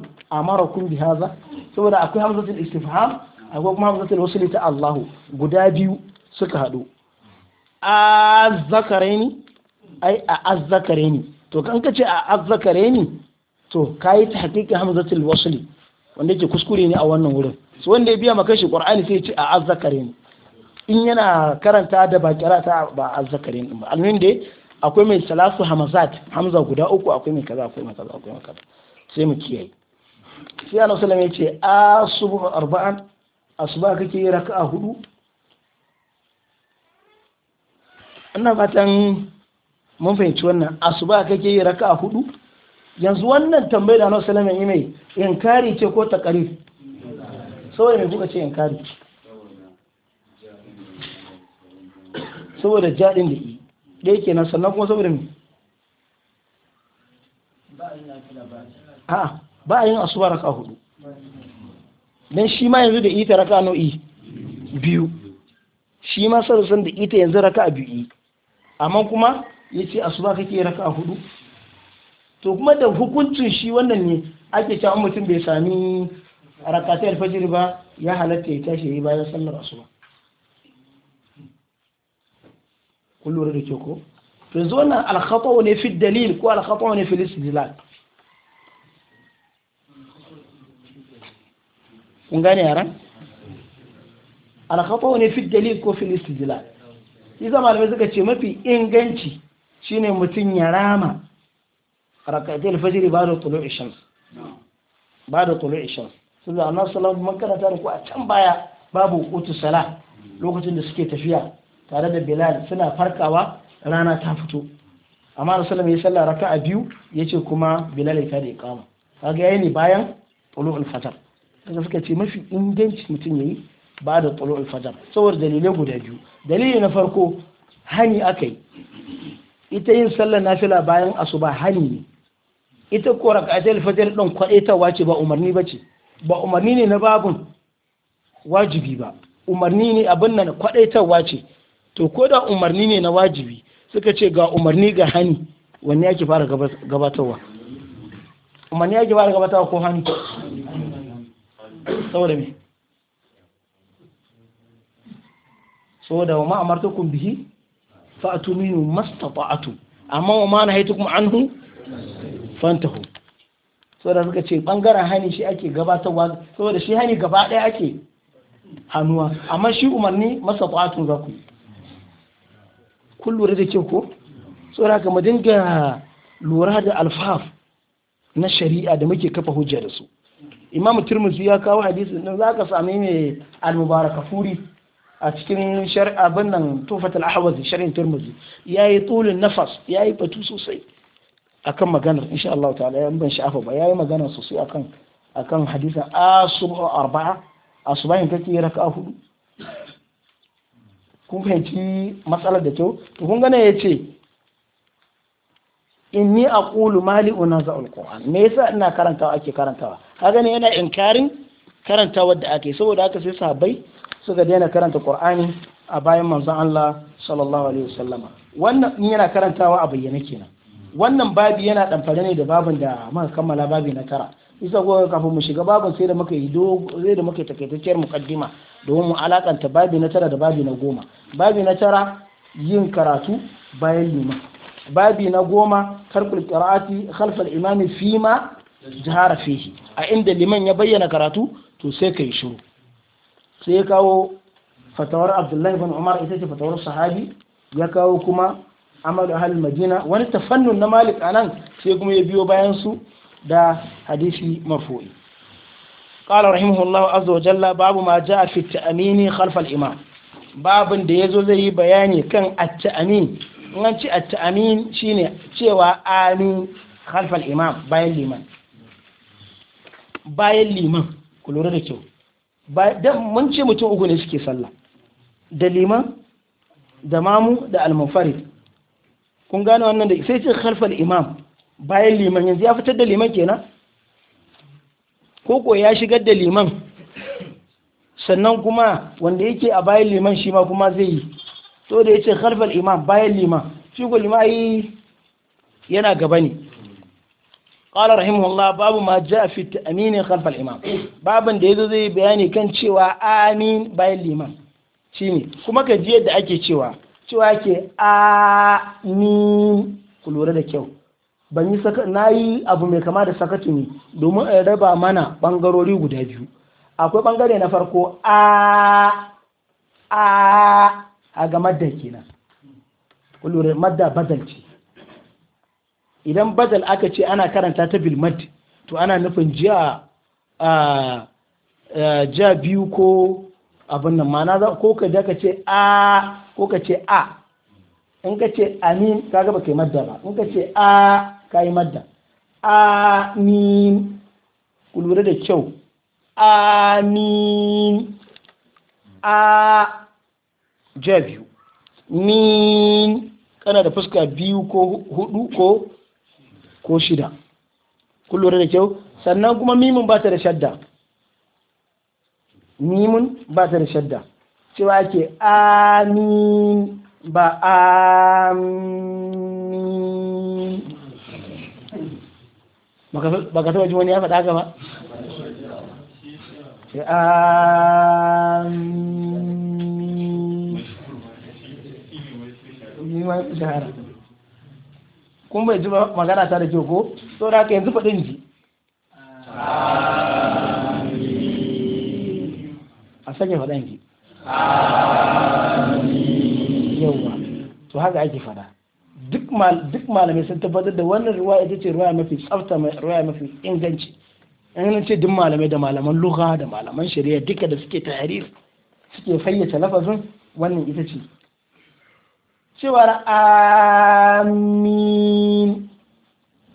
kun bi haza saboda akwai hamzatul istifham akwai kuma hamzatul wasli ta Allahu guda biyu suka hadu zakareni ai a azzakareni to kan kace a azzakareni to kayi ta hakika hamzatul wasli wanda yake kuskure ne a wannan wurin so wanda ya biya maka shi qur'ani sai ya ce a azzakareni in yana karanta da ba kirata ba azzakareni ba almin dai akwai mai salasu hamazat hamza guda uku akwai mai kaza akwai mai kaza akwai mai kaza sai mu kiyaye sai annabi sallallahu alaihi wasallam ya ce asubu arba'an asuba kake raka'a hudu ina fatan mun fahimci wannan asuba kake yi raka'a hudu yanzu wannan tambayar da annabi sallallahu alaihi wasallam mai inkari ce ko takarir? saboda me kuka ce inkari saboda jadin da yi da yake sannan kuma saboda me ba a yin asuba raka hudu don shi ma yanzu da ita raka nau'i biyu shi ma sarasan da ita yanzu raka a biyu amma kuma ya ce asuba kake raka hudu to kuma da hukuncin shi wannan ne ake cewa mutum bai sami rakatar fajir ba ya halatta ya tashi yi bayan sallar asuba kun lura da ke ko to yanzu wannan alkhata ne fi dalil ko alkhata ne fi istidlal kun gane yaran alkhata ne fi dalil ko fi istidlal isa malamai suka ce mafi inganci shine mutum ya rama rakatul fajr ba da tulu'i shams ba da tulu'i shams saboda annabi sallallahu alaihi wasallam karanta ku a can baya babu qutu sala lokacin da suke tafiya tare da bilal suna farkawa rana ta fito amma rasulullah ya sallah raka'a biyu ya ce kuma bilal ya tada iqama kaga yayi ne bayan tulu'ul fajr kaga suka ce mafi inganci mutum yayi ba da tulu'ul fajr saboda dalilai guda biyu dalili na farko hani akai ita yin sallar nafila bayan asuba hani ne ita ko raka'atul fajr din kwadaitawa ce ba umarni bace ba umarni ne na babun wajibi ba umarni ne abin nan kwadaitawa ce to ko da umarni ne na wajibi suka ce ga umarni ga hani ya ke fara gabatarwa umarni ke fara gabatarwa ko hani saboda me saboda wa ma amartukum bihi fa masta mastata'atu amma wa ma nahaytukum hu fantahu saboda suka ce bangaren hani shi ake gabatarwa saboda shi hani gaba ɗaya ake hannuwa amma shi umarni mastata'atu za ku yi kun lura da kyau ko tsora ka mu dinga lura da alfaf na shari'a da muke kafa hujja da su imam turmuzi ya kawo hadisi nan za ka sami mai almubaraka furi a cikin abin nan tufatul ahwazi shari'in turmuzi ya yi nafas ya yi batu sosai akan maganar insha Allah ta'ala yan ban sha'afa ba yayi magana sosai akan akan hadisin asubu arba'a asubahin kake raka'a hudu kun fahimci matsalar da kyau to kun gane ya ce inni ƙulu mali una za alquran me yasa ina karantawa ake karantawa ka ne yana inkarin karantawa da ake saboda haka sai sahabbai suka daina karanta Ƙur'ani a bayan manzon Allah sallallahu alaihi wasallama wannan in yana karantawa a bayyane kenan wannan babi yana damfare ne da babin da muka kammala babi na tara isa ko kafin mu shiga babin sai da muka yi dogo sai da muka yi takaitacciyar mukaddima domin mu alakanta babi na tara da babi na goma babi na tara yin karatu bayan liman babi na goma karkul qira'ati khalfal imami fima jahara fihi a inda liman ya bayyana karatu to sai kai shiru sai ya kawo fatawar abdullahi bin umar ita ce fatawar sahabi ya kawo kuma amalu hal madina wani tafannun na malik anan sai kuma ya biyo bayan su da hadisi marfu'i qala rahimahullahu azza wa jalla babu ma jaa fi ta'mini khalf al-imam babin da yazo zai yi bayani kan at-ta'min in an ci at-ta'min shine cewa amin khalf al-imam bayan liman bayan liman ku lura da kyau dan mun ce mutum uku ne suke sallah da liman da mamu da al-munfarid kun gane wannan da sai ce khalf al-imam bayan liman yanzu ya fitar da liman kenan Koko ya shigar da liman sannan kuma wanda yake a bayan liman shi ma kuma zai yi to da ce harfar imam bayan liman shi ko liman yi yana gaba ne qala rahimahullah babu ma jaa fi aminin harfar imam babin da zo zai bayani kan cewa amin bayan liman shine kuma ka ji yadda ake cewa cewa ke amin ku lura da kyau ban yi saka na yi abu mai kama da sakatu ne domin in raba mana bangarori guda biyu akwai bangare na farko a a a ga madda kenan kullure madda badal ce idan badal aka ce ana karanta ta bil mad to ana nufin jiya a ja biyu ko abin nan ma'ana ko ka ja ka ce a ko ka ce a in ka ce amin kaga ba kai madda ba in ka ce a ka yi madda amin ku lura da kyau amin a ja biyu min kana da fuska biyu ko hudu ko ko shida ku lura da kyau sannan kuma mimun ba ta da shadda mimun ba ta da shadda cewa ke amin ba amin ba ka ji wani ya faɗa gaba? ba kun bai ji magana ta da kyau ko so da ka yanzu faɗin ji a sake faɗin ji yauwa to haka ake faɗa duk malamai sun tabbatar da wannan ruwa ita ce ruwa mafi tsafta ruwa mafi inganci an ce duk malamai da malaman lugha da malaman shari'a duka da suke tahrir suke fayyace lafazin wannan ita ce cewar amin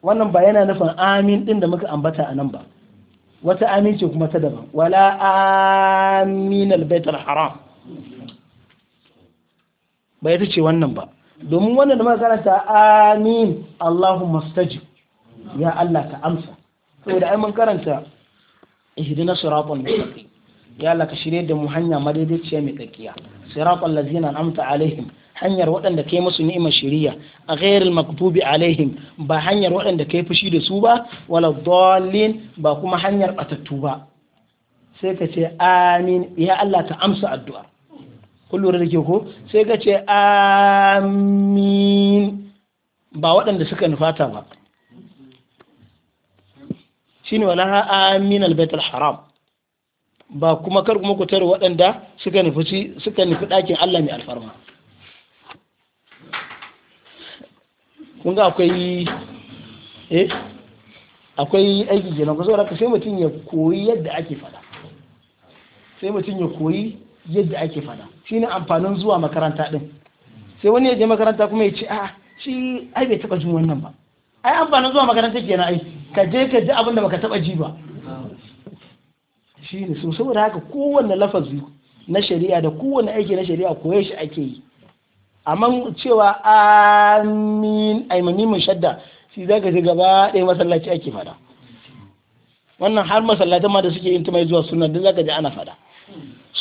wannan ba yana nufin amin din da muka ambata a nan ba wata amin ce kuma ta daban wala amin albaitar haram ba ita ce wannan ba domin wannan da makaranta amin Allahumma stajib ya Allah ka amsa saboda ai mun karanta ihdina siratal mustaqim ya Allah ka shirye da mu hanya madaidaiciya mai tsakiya siratal ladzina an'amta alaihim hanyar waɗanda kai musu ni'imar shiriya a ghairil maktubi alaihim ba hanyar waɗanda kai fushi da su ba wala dallin ba kuma hanyar batattu ba sai ka ce amin ya Allah ka amsa addu'a kun lura da ke ko sai ka ce amin ba waɗanda suka nufata ba shi ne wala amin albaitar haram ba kuma kar kuma ku tare waɗanda suka nufi suka nufi ɗakin Allah mai alfarma kun ga akwai eh akwai aiki kenan ku saboda sai mutum ya koyi yadda ake faɗa sai mutum ya koyi yadda ake fada shi ne amfanin zuwa makaranta din sai wani ya je makaranta kuma ya ce a shi ai bai taba jin wannan ba ai amfanin zuwa makaranta ke ai ka je ka ji abin da baka taba ji ba shi ne so saboda haka kowanne lafazi na shari'a da kowanne aiki na shari'a koyar shi ake yi amma cewa amin aimani mun shadda shi za ka ji gaba ɗaya masallaci ake fada wannan har masallatan ma da suke yin tumai zuwa sunan da za ka ji ana fada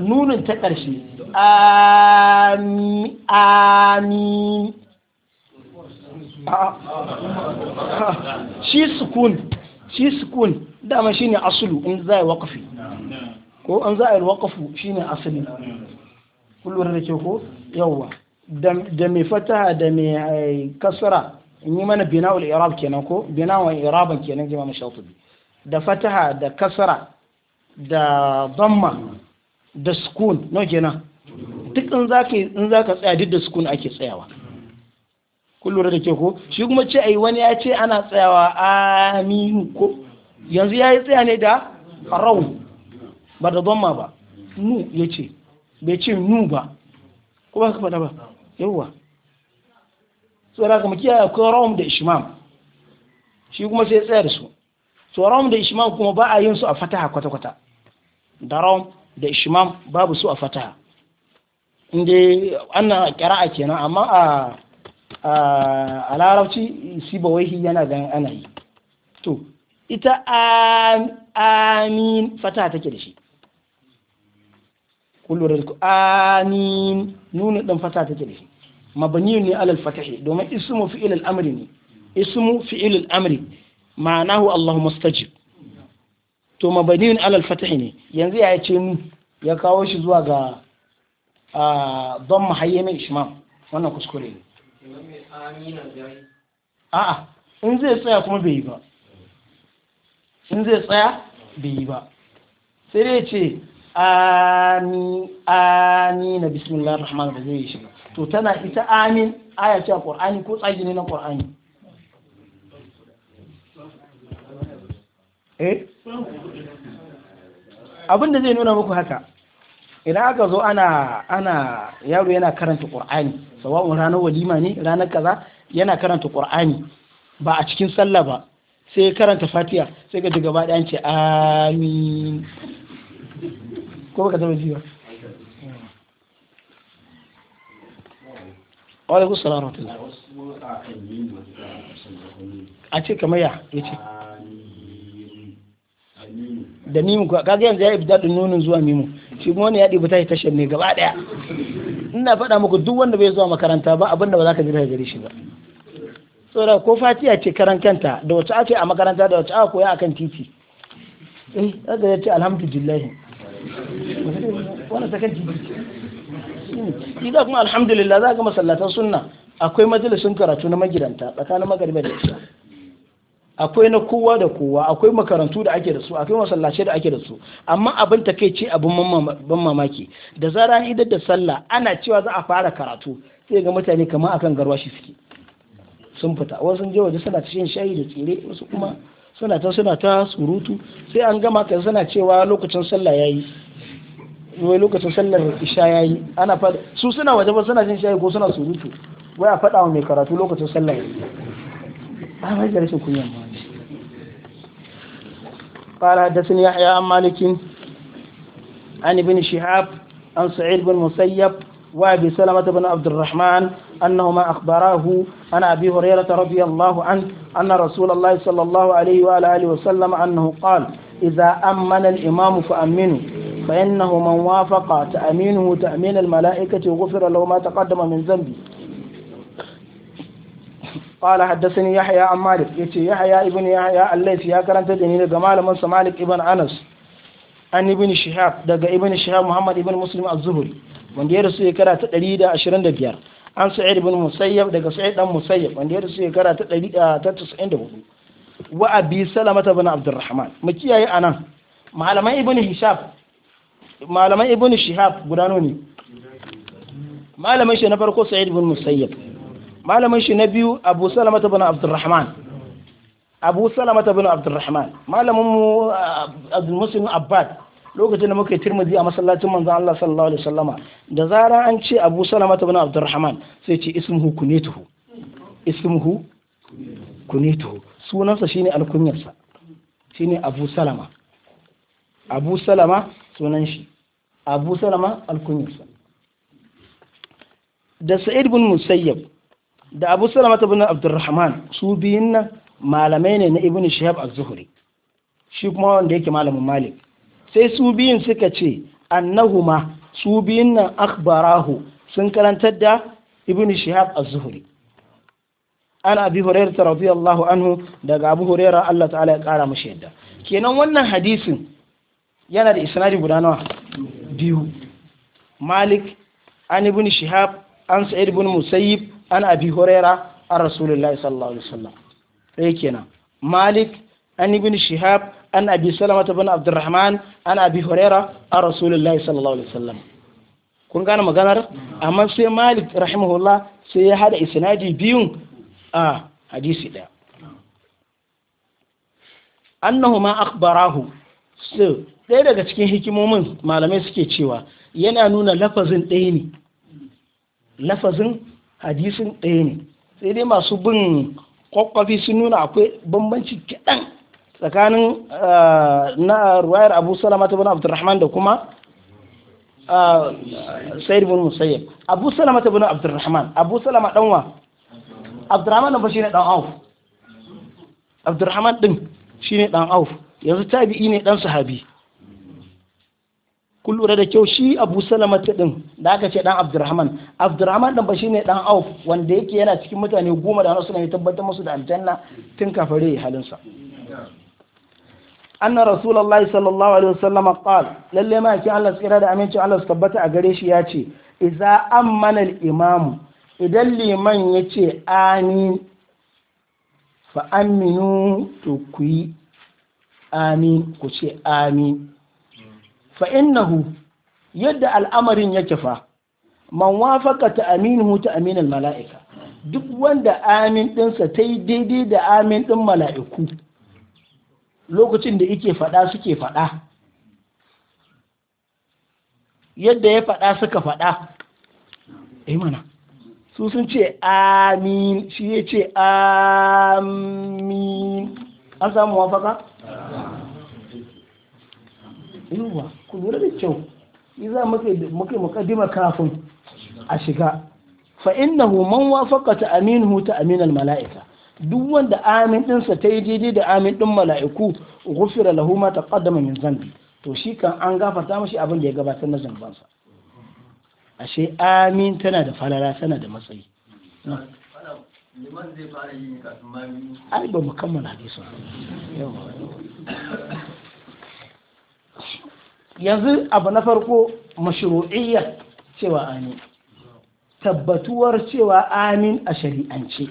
nunin ta ƙarshe amin shi sukun shi sukun dama shi ne asulu in za a yi waƙafi ko an za a yi waƙafu shi ne asali kullum da ke ko yawwa da mai fataha da mai eh, kasara in yi mana bina'ul irab kenan ko bina'ul iraban kenan jima mashatubi da fataha da kasara da damma da sukun no kenan duk in za ka in za ka tsaya duk da sukun ake tsayawa kun lura da ke ko shi kuma ce ai wani ya ce ana tsayawa aminu ko yanzu ya yi tsaya ne da rau ba da zama ba nu ya ce bai ce nu ba ko ba ka faɗa ba yawwa tsara kuma kiyaye akwai rawum da ishmam shi kuma sai tsaya da su So rawum da ishmam kuma ba a yin su a fataha kwata-kwata da rawum da ishimam babu su a fataha inda ana kira'a kenan amma a a larabci sibawaihi yana gan ana yi to ita amin fataha take da shi kullum amin nuna ɗin fata take da shi mabani ne alal fatahi domin ismu fi'il al-amri ne ismu fi'il al-amri ma'anahu Allahu mustajib to mabaniyin alal fatahi ne yanzu ya ce mu ya kawo shi zuwa ga don mai ishmam wannan kuskure ne a'a in zai tsaya kuma bai yi ba in zai tsaya bai yi ba sai dai ce ami na bismillah rahman da zai yi shi ba to tana ita amin aya a ƙwar'ani ko tsagi ne na ƙwar'ani eh abin da zai nuna muku haka idan aka zo ana ana yaro yana karanta qur'ani sawa'un ranar walima ne ranar kaza yana karanta qur'ani ba a cikin sallah ba sai karanta fatiha sai ga gaba ɗayan ce amin ko baka taba ji ba wa alaikum salam wa a ce kamar ya yace da mimu kaga yanzu ya ibda da nunin zuwa mimu shi kuma wani ya ɗibi ta tashar ne gaba ɗaya ina faɗa muku duk wanda bai zuwa makaranta ba abin da ba za ka ji daga gare shi ba saboda ko fatiya ce karan kanta da wacce ake a makaranta da wacce aka koya akan titi eh daga ya ce alhamdulillah wannan ta kan titi shi da kuma alhamdulillah za ga masallatan sunna akwai majalisun karatu na magidanta tsakanin magariba da isha akwai na kowa da kowa akwai makarantu da ake da su akwai masallace da ake da su amma abin ta kai ce abin ban mamaki da zara idar da sallah ana cewa za a fara karatu sai ga mutane kamar akan garwashi suke sun fita wasu sun je waje suna ta shan shayi da tsire wasu kuma suna ta suna ta surutu sai an gama kai suna cewa lokacin sallah yayi wai lokacin sallar isha yayi ana fada su suna waje ba suna jin shayi ko suna surutu wai a fada wa mai karatu lokacin sallah yayi a mai shi kunya ma قال حدثني يحيى عن مالك عن ابن شهاب عن سعيد بن مسيب وابي سلمة بن عبد الرحمن أنهما أخبراه عن أبي هريرة رضي الله عنه أن رسول الله صلى الله عليه وآله وسلم أنه قال إذا أمن الإمام فأمنوا فإنه من وافق تأمينه تأمين الملائكة غفر له ما تقدم من ذنبه قال ya يحيى عن مالك يتي يحيى ابن يحيى الليث يا كرنت دني daga malamin sa Malik ibn Anas an ibn Shihab daga ibn Shihab Muhammad ibn Muslim az-Zuhri wanda ya rasu shekara ta 125 an Sa'id ibn Musayyab daga Sa'id dan Musayyab wanda ya rasu shekara ta 194 wa Abi Salama ibn Abdurrahman mu kiyaye anan malaman ibn Hishab malaman ibn Shihab gudano ne malamin shi na farko Sa'id ibn Musayyab malamin shi na biyu abu salama ta bin abdurrahman abu salama ta bin abdurrahman malamin mu ah, abdulmuslim abbad lokacin da muka yi turmuzi a masallacin manzon Allah sallallahu alaihi wasallama da zara an ce abu salama ta bin abdurrahman sai ce ismuhu kunetuhu ismuhu kunetuhu sunansa shine alkunyarsa shine abu salama abu salama sunan shi abu salama alkunyarsa da sa'id bin musayyab da abu salama ta bin abdurrahman su biyun nan malamai ne na ibn shihab az-zuhri shi kuma wanda yake malamin malik sai su biyun suka ce annahuma su biyun nan akhbarahu sun karantar da ibn shihab az-zuhri an abi hurairah radiyallahu anhu daga abu hurairah Allah ta'ala ya kara mashi yadda kenan wannan hadisin yana da isnadi guda nawa biyu malik an ibn shihab an sa'id ibn musayyib an abi huraira an rasulullahi sallallahu alaihi wasallam ɗaya kenan malik an ibn shihab an abi ta bin abdurrahman an abi huraira an rasulullahi sallallahu alaihi wasallam kun gane maganar amma sai malik rahimahullah sai ya hada isnadi biyun a hadisi ɗaya annahuma akhbarahu su ɗaya daga cikin hikimomin malamai suke cewa yana nuna lafazin ɗaya ne lafazin hadisin ɗaya ne sai dai masu bin kwakwafi sun nuna akwai bambanci kaɗan tsakanin ah, na ruwayar abu salama ta bin abdurrahman da kuma ah, sayyid bin musayyab abu salama ta bin abdurrahman abu salama ɗanwa abdurrahman ɗan shi ne ɗan auf abdurrahman ɗin shi ne ɗan auf yanzu tabi'i ne ɗan sahabi kun lura da kyau shi abu salama ta din da aka ce dan abdurrahman abdurrahman din ba ne dan auf wanda yake yana cikin mutane goma da wasu ya tabbatar musu da aljanna tun kafare ya halin sa anna rasulullahi sallallahu alaihi wasallam qala lalle ma ki Allah tsira da aminci Allah su tabbata a gare shi ya ce idza amana al-imam idan liman yace amin fa aminu to ku amin ku ce amin fa innahu yadda al'amarin yake fa man wafaka ta aminu ta aminal mala'ika duk wanda amin ɗinsa ta yi daidai da amin ɗin mala'iku lokacin da ike faɗa suke faɗa yadda ya faɗa suka faɗa eh mana su sun ce amin shi ya ce amin an samu wafaka? yawa ku lura da kyau iza muka mukaddima kafin a shiga fa innahu man wafaqa ta aminhu ta aminal mala'ika duk wanda amin ɗinsa ta yi da amin ɗin mala'iku gufira lahu ma taqaddama min zambi to shi kan an gafarta mashi abin da ya gabatar na zambansa ashe amin tana da falala tana da matsayi ai ba mu kammala hadisin yawa yanzu abu na farko mashru'iyya cewa amin tabbatuwar cewa amin a shari'ance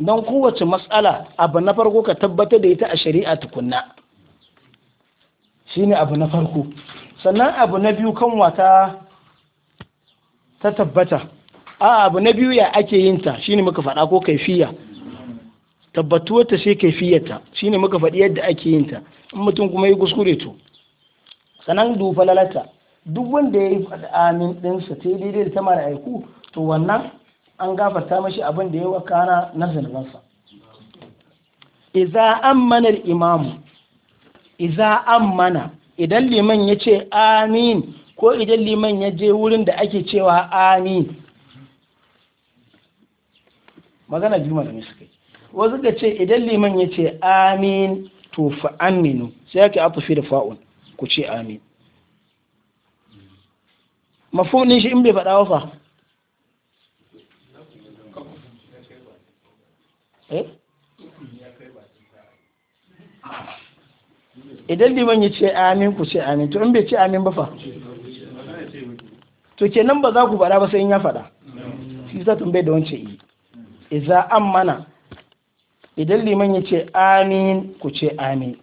don kowace matsala abu na farko ka tabbatar da ita a shari'a tukunna shine abu na farko sannan abu na biyu kan wata ta tabbata a abu na biyu ya ake yin shine muka faɗa ko kaifiya tabbatuwar ta sai kaifiyarta shine muka faɗi yadda ake yin ta in mutum kuma yi kuskure to sanan dufa lalata duk wanda ya yi amin ɗinsa ta yi daidai da ta mara aiku to wannan an gafarta mashi abin da ya kana na zunubansa iza an mana imamu iza an mana idan liman ya ce amin ko idan liman ya je wurin da ake cewa amin magana biyu malamai suka yi wasu ka ce idan liman ya ce amin to fa aminu sai ake afufi da fa'un ku ce amin mafunin shi in bai faɗa wafa eh? idan liman ya ce amin ku ce amin to in bai ce amin ba fa to kenan ba za ku faɗa ba sai in ya faɗa shi za bai da wance yi iza an mana idan liman ya ce amin ku ce amin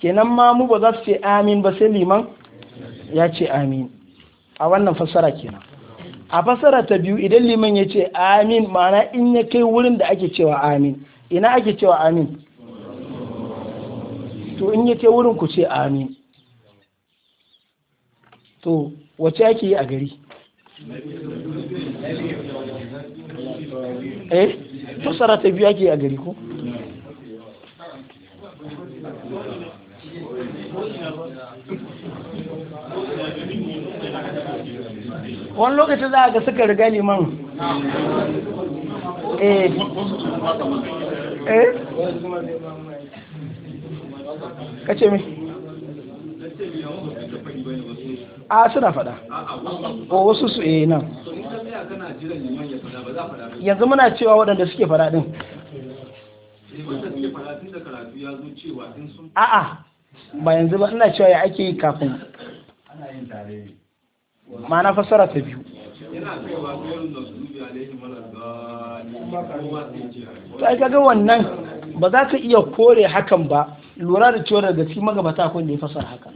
kenan ma mu ba za su ce amin ba sai liman ya ce amin a wannan fassara kenan a fassara ta biyu idan liman ya ce amin ma'ana in ya kai wurin da ake cewa amin ina ake cewa amin to in ya kai wurin ku ce amin to wace ake yi a gari eh fassara ta biyu ake yi a gari ko wani lokacin za a ga suka riga liman eh eh kace mi a suna fada ko wasu su eh nan yanzu muna cewa waɗanda suke fada din a'a ba yanzu ba ina cewa ya ake yi kafin ma'ana fasara ta biyu Ta yi kaga wannan ba za ka iya kore hakan ba lura da cewa daga cikin magabata akwai da ya fasara haka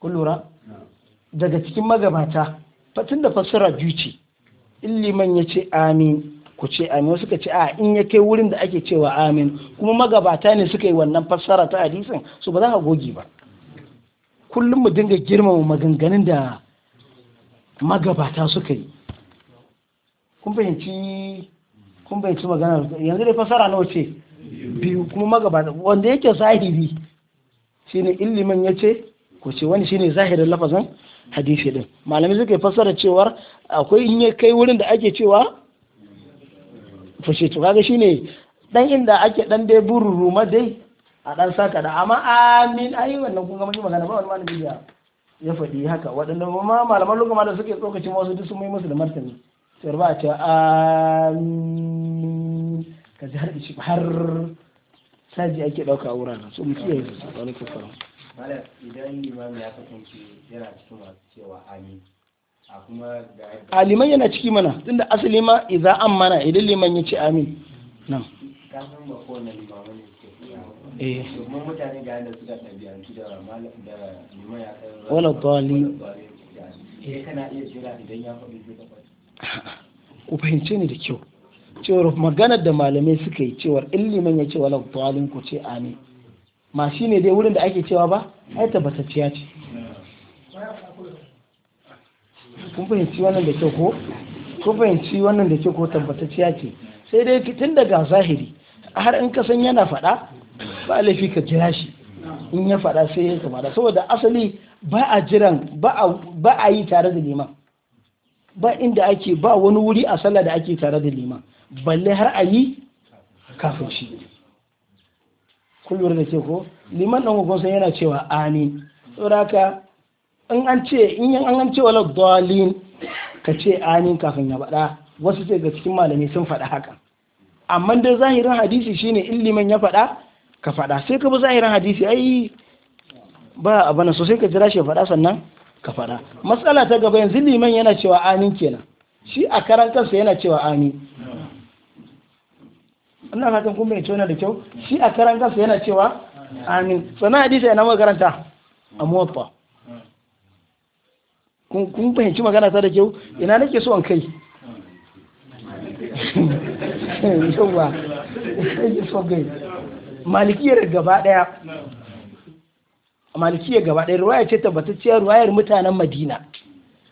kun lura daga cikin magabata fatin da fasara biyu ce in ya ce amin ku ce amin suka ce a in ya kai wurin da ake cewa amin kuma magabata ne suka yi wannan fassara ta hadisin su ba za ka goge ba kullum mu dinga girmama maganganun da magabata suka yi kun fahimci kun fahimci magana yanzu dai fassara nawa ce biyu kuma magabata wanda yake zahiri shine illimin ya ce ku ce wani shine zahirin lafazin hadisi din malamai suka yi fassara cewar akwai in ya kai wurin da ake cewa fushe to kaga shine dan inda ake dan dai bururu ma dai a dan saka da amma amin ai wannan kun ga magana ba wani malami ya ya faɗi haka waɗanda ma malaman lokacin da suke tsokacin wasu duk sun mai musu da martani sai ba a amin ka ji har shi har saji ake ɗauka a wuraren su mu kiyaye su wani kafara idan imam ya kasance yana cikin masu cewa amin a liman yana ciki mana tunda asali ma idza an mana idan liman ya ce amin nan wala dali eh. *laughs* ku fahimce ni da kyau cewar maganar da malamai suka yi cewar in liman ya ce wala dalin ku ce amin ma shine dai wurin da ake cewa ba ai tabbatacciya ce kun fahimci wannan da kyau ko kun fahimci wannan da kyau ko tabbatacciya ce sai dai tun daga zahiri har in ka san yana faɗa ba laifi ka jira shi in ya faɗa sai ya kamata saboda asali ba a jiran ba a yi tare da liman ba inda ake ba wani wuri a sallah da ake tare da liman balle har a yi kafin shi kullum da ke ko liman ɗan hukunsa yana cewa amin saboda haka in an ce in an an ce wala dalin ka ce amin kafin ya faɗa wasu sai ga cikin malami sun faɗa haka amma dai zahirin hadisi shine in liman ya faɗa ka faɗa sai ka bi zahirin hadisi ai ba a bana sosai ka jira shi faɗa sannan ka faɗa matsala ta gaba yanzu liman yana cewa amin kenan shi a karan kansa yana cewa amin ina fatan kun bai tona da kyau shi a karan kansa yana cewa amin sannan hadisi yana makaranta a muwaffa kun fahimci magana ta da kyau ina nake so an kai *laughs* yawa so kai malikiyar gaba daya malikiyar gaba daya ruwaya ce tabbatacciyar ruwayar mutanen madina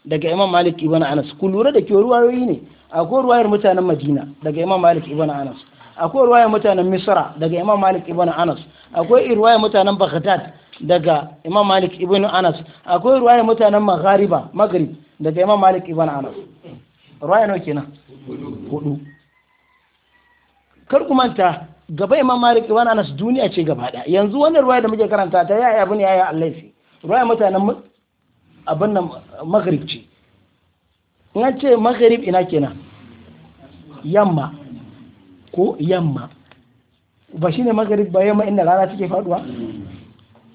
daga imam malik ibn anas ku lura da kyau ruwayoyi ne akwai ruwayar mutanen madina daga imam malik ibn anas akwai ruwayar mutanen misra daga imam malik ibn anas akwai ruwayar mutanen baghdad daga imam malik ibn anas akwai ruwayar mutanen maghariba maghrib daga imam malik ibn anas ruwaya nawa kenan hudu kar ku manta gaba imam malik ibn anas duniya ce gaba daya yanzu wannan ruwaya da muke karanta ta yaya abin yaya Allah fi ruwaya mutanen abin nan maghrib ce in ce maghrib ina kenan yamma ko yamma ba shine maghrib ba yamma inda rana take faduwa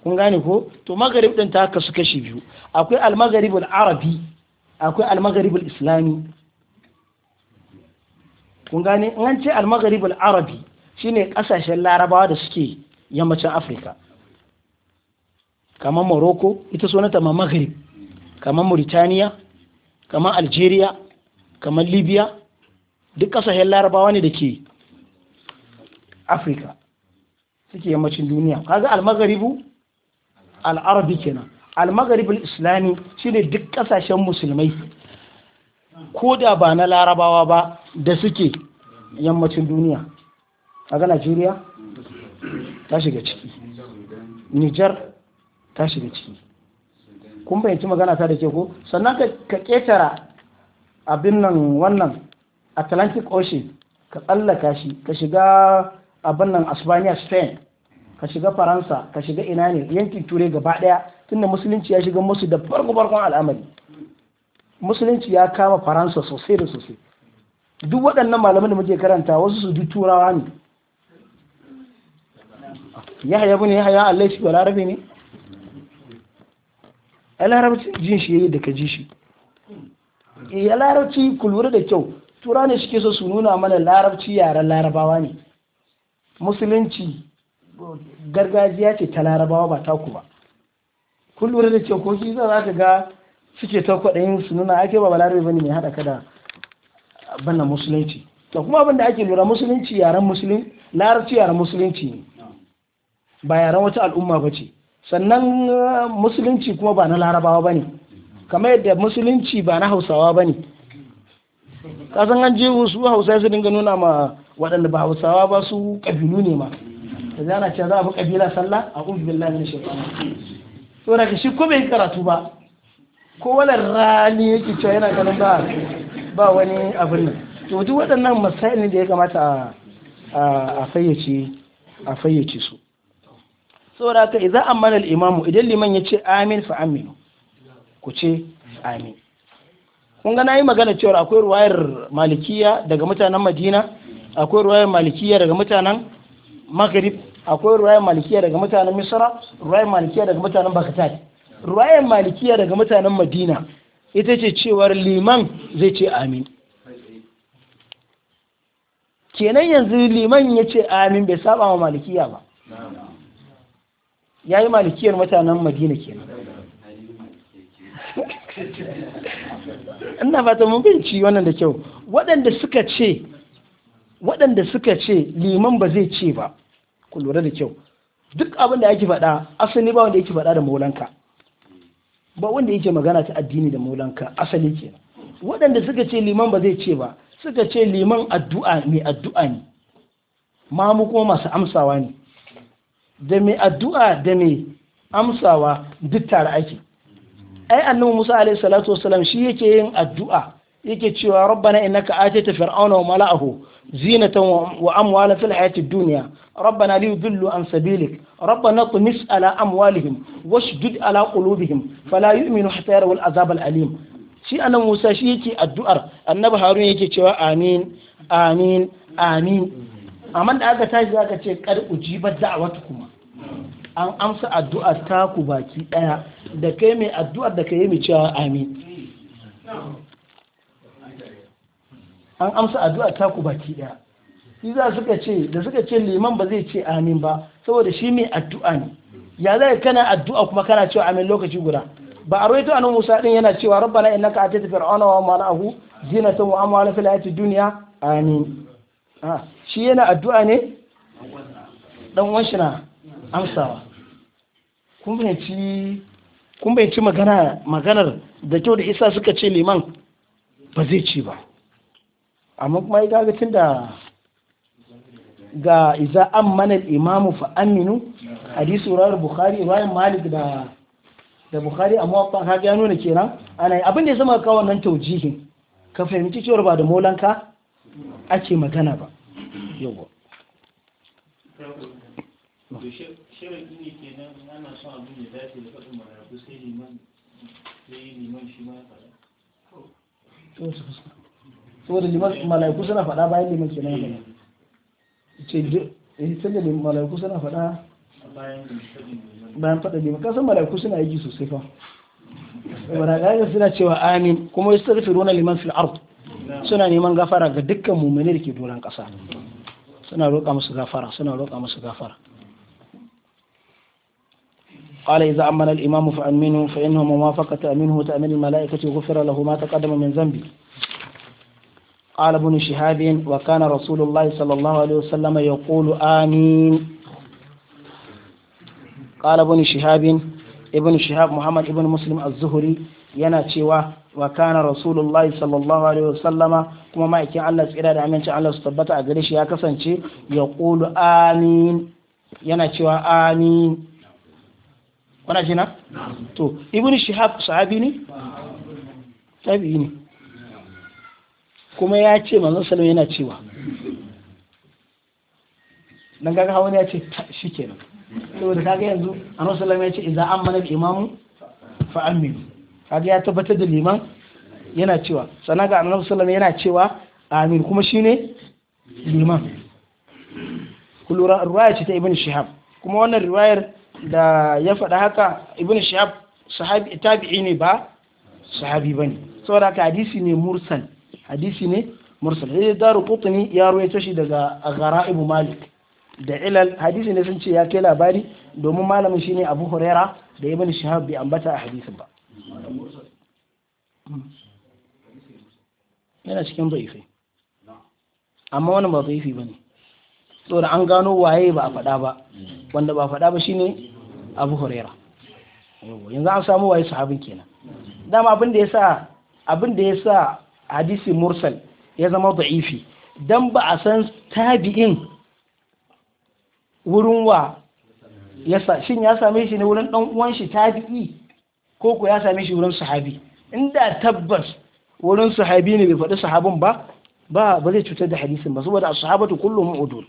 kun gane ko to magarib din ta kasu kashi biyu akwai al-magharib al-arabi akwai al-magharib al-islami kun gane an ce al-magharib al-arabi shine kasashen larabawa da suke yammacin afirka kamar morocco ita sunanta ma maghrib kamar mauritania kamar algeria kamar libya duk kasashen larabawa ne da ke afirka suke yammacin duniya kaga al-magharibu al'arabi kenan al-maghrib islami islami shine duk ƙasashen musulmai ko da ba na larabawa ba da suke yammacin duniya ga Najeriya ta shiga ciki Nijar ta shiga ciki kun bayanci magana ta da ke ko sannan ka ketara abin nan wannan Atlantic Ocean ka tsallaka shi ka shiga abin nan Espanya Spain ka shiga faransa ka shiga ina ne yankin turai gaba daya tunda musulunci ya shiga musu da farko farkon al'amari musulunci ya kama faransa sosai da sosai duk waɗannan malaman da muke karanta wasu su duk turawa ne ya haya ne ya haya allai shi balarabe ne a larabci jin shi yayi da ka ji shi ya eh, larabci ku lura da kyau tura ne ke so su nuna mana larabci yaren larabawa ne musulunci gargajiya ce ta larabawa ba taku ba kun lura da cewa ko shi za ka ga suke ta kwaɗayin su nuna ake ba balarabe bane mai haɗa kada bana banna musulunci to kuma abin da ake lura musulunci yaren musulun larabci yaren musulunci ne ba yaren wata al'umma ba ce sannan uh, musulunci kuma ba na larabawa ba ne kamar yadda musulunci ba na hausawa ba ne kasan an je su hausa su dinga nuna ma waɗanda ba hausawa ba su ƙabilu ne ma yanzu ana cewa za a bi kabila sallah a ubi billah shekaru to daga shi ko bai karatu ba ko wani rani yake cewa yana ganin ba ba wani abin nan to duk waɗannan masayin da ya kamata a fayyace a fayyace su da ka idan an mana imamu idan liman ya ce amin fa aminu ku ce amin kun ga yi magana cewa akwai ruwayar malikiya daga mutanen madina akwai ruwayar malikiya daga mutanen maghrib akwai ruwayar malikiya daga mutanen misra ruwayar malikiya daga mutanen bakatai ruwayar malikiya daga mutanen madina ita ce cewar liman zai ce amin kenan yanzu liman ya ce amin bai saba wa malikiya ba ya yi malikiyar mutanen madina kenan *laughs* ina fata mun binci wannan da kyau waɗanda suka ce waɗanda suka ce liman ba zai ce ba ku lura da kyau duk abin da yake faɗa asali ba wanda yake faɗa da maulanka ba wanda yake magana ta addini da maulanka asali ke waɗanda suka ce liman ba zai ce ba suka ce liman addu'a mai addu'a ne mu kuma masu amsawa ne da mai addu'a da mai amsawa duk tare ake ai annabi Musa alaihi salatu wassalam shi yake yin addu'a yake cewa rabbana innaka atayta fir'auna wa mala'ahu زينة وأموالا في الحياة الدنيا ربنا ليضلوا عن سبيلك ربنا اطمس على أموالهم واشدد على قلوبهم فلا يؤمنوا حتى يروا العذاب الأليم shi annan Musa shi yake addu'ar annabi Harun yake cewa amin amin amin amma da aka tashi zaka ce kar an amsa addu'ar taku baki ɗaya da kai mai addu'ar da yi mai cewa amin an amsa addu'a ta ku baki daya shi za suka ce da suka ce liman ba zai ce amin ba saboda shi mai addu'a ne ya zai kana addu'a kuma kana cewa amin lokaci guda ba a rawaito annabi Musa din yana cewa rabbana innaka atayta fir'auna wa mala'ahu zinatan wa amwalan fil hayatid dunya amin shi yana addu'a ne dan uwan shi na amsawa kun fahimci kun magana maganar da kyau da isa suka ce liman ba zai ci ba amma kuma ya ga tun da ga iza an mana imamu fa aminu hadisu rawar bukhari bayan malik da da bukhari amma ba ka ga nuna kenan ana abin da ya sama ka wannan taujihin ka fahimci cewa ba da molanka ake magana ba yawa Thank you. saboda liman malaiku suna faɗa bayan liman kenan ya faɗa ce eh sanda liman malaiku suna faɗa bayan faɗa liman kasan malaiku suna aiki sosai fa saboda suna cewa amin kuma yastaghfiruna liman fil ard suna neman gafara ga dukkan mu'mini da ke doron ƙasa suna roƙa musu gafara suna roƙa musu gafara قال إذا أمن الإمام فأمنه فإنه موافقة أمنه تأمن الملائكة غفر له ما تقدم من ذنبه قال ابن شهاب وكان رسول الله صلى الله عليه وسلم يقول آمين قال ابن شهاب ابن شهاب محمد ابن مسلم الزهري yana cewa wa kana rasulullahi sallallahu alaihi wasallama kuma ma'aikin Allah tsira da amincin Allah su tabbata a gare shi ya kasance ya qulu amin yana cewa amin kuma ya ce manzon salama yana cewa dan kaga hawa ne ya ce shi kenan saboda kaga yanzu annabi salama ya ce idza amana al imamu fa aminu kaga ya tabbatar da liman yana cewa sannan ga annabi salama yana cewa amin kuma shine liman kullura ruwaya ce ta ibn shihab kuma wannan riwayar da ya faɗa haka ibn shihab sahabi tabi'i ne ba sahabi bane saboda haka hadisi ne mursal hadisi ne mursal sai daru qutni ya ruwaito shi daga al-garaibu malik da ilal hadisi ne sun ce ya kai labari domin malamin shine abu huraira da ibn shahab bai ambata a hadisin ba yana cikin zaifai amma wani ba zaifi ba ne saboda an gano waye ba a faɗa ba wanda ba a faɗa ba shine abu huraira yanzu an samu waye sahabin kenan dama abin da ya sa abin da ya sa hadisi mursal ya zama da'ifi dan ba a san tabi'in wurin wa yasa shin ya same shi ne wurin dan uwan shi tabi'i ko ko ya same shi wurin sahabi inda tabbas wurin sahabi ne bai faɗi sahabin ba ba ba zai cutar da hadisin ba saboda as-sahabatu kulluhum udul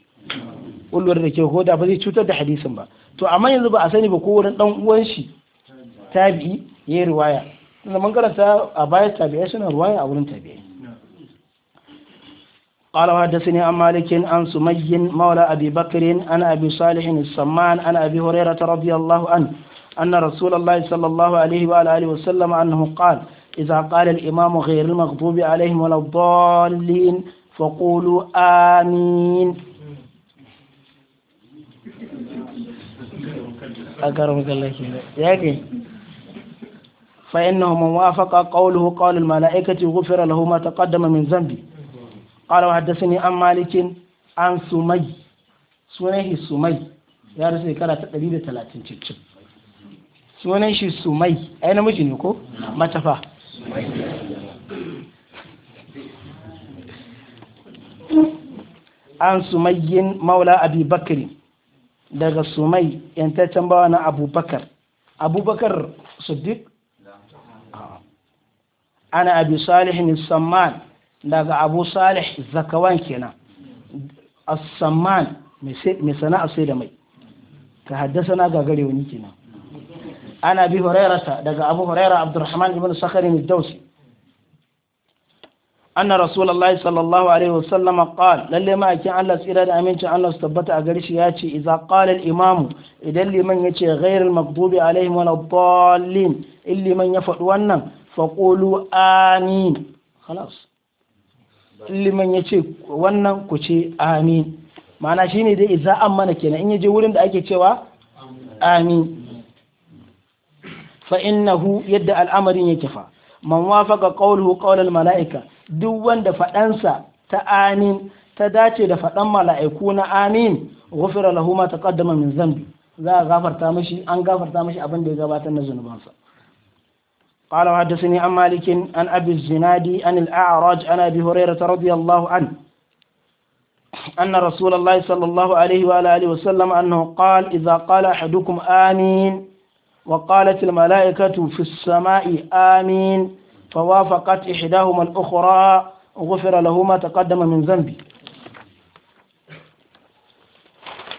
kullum da ke hoda ba zai cutar da hadisin ba to amma yanzu ba a sani ba ko wurin dan uwan shi tabi'i yayi riwaya da mun karanta a bayan tabi'a suna ruwaya a wurin ta qalawa da sani an malikin an sumayyin maula abi bakirin an abi salihin samman an abi horaira ta radiyallahu an an na rasulallah sallallahu alaihi wa alihi wasallam an hu qal idza qala al imam ghayr al maghdubi alaihim wa dallin amin *laughs* فإنه من وافق قوله قول الملائكة غفر له ما تقدم من ذنبي قال وحدثني عن مالك عن سمي سنه سمي يا رسول كرة تقريبا 30 cikin sunan shi sumai ai namiji ne ko matafa an sumayyin maula abi bakari daga sumai yantaccen bawa na abubakar abubakar siddiq ana abi salih saman daga abu salih zakawan kenan as-samman mai sana'a sai da mai ka haddasa na gagare wani kenan ana bi hurairata daga abu huraira abdurrahman ibn sakhari al-dawsi anna rasulullahi sallallahu alaihi wasallam qala lalle ma kin Allah tsira da amincin Allah su tabbata a gari shi ya ce idza qala al-imam idan liman yace ghayr al-maghdubi alaihim wal dallin illi man ya faɗi wannan faƙolu amin halas liman ya ce wannan ku ce amin mana shi ne dai za an mana kenan in yaje wurin da ake cewa amin fa'innahu yadda al'amarin yake fa man wafaka qawluhu mala'ika duk wanda faɗansa ta amin ta dace da faɗan mala'iku na amin gufira lahuma ta ƙaddama min zambi za a gafarta mashi an gafarta mashi abin da ya gabatar na zunubansa قال وحدثني عن مالك عن أبي الزنادي عن الأعرج عن أبي هريرة رضي الله عنه أن رسول الله صلى الله عليه وآله وسلم أنه قال إذا قال أحدكم آمين وقالت الملائكة في السماء آمين فوافقت إحداهما الأخرى غفر له ما تقدم من ذنبي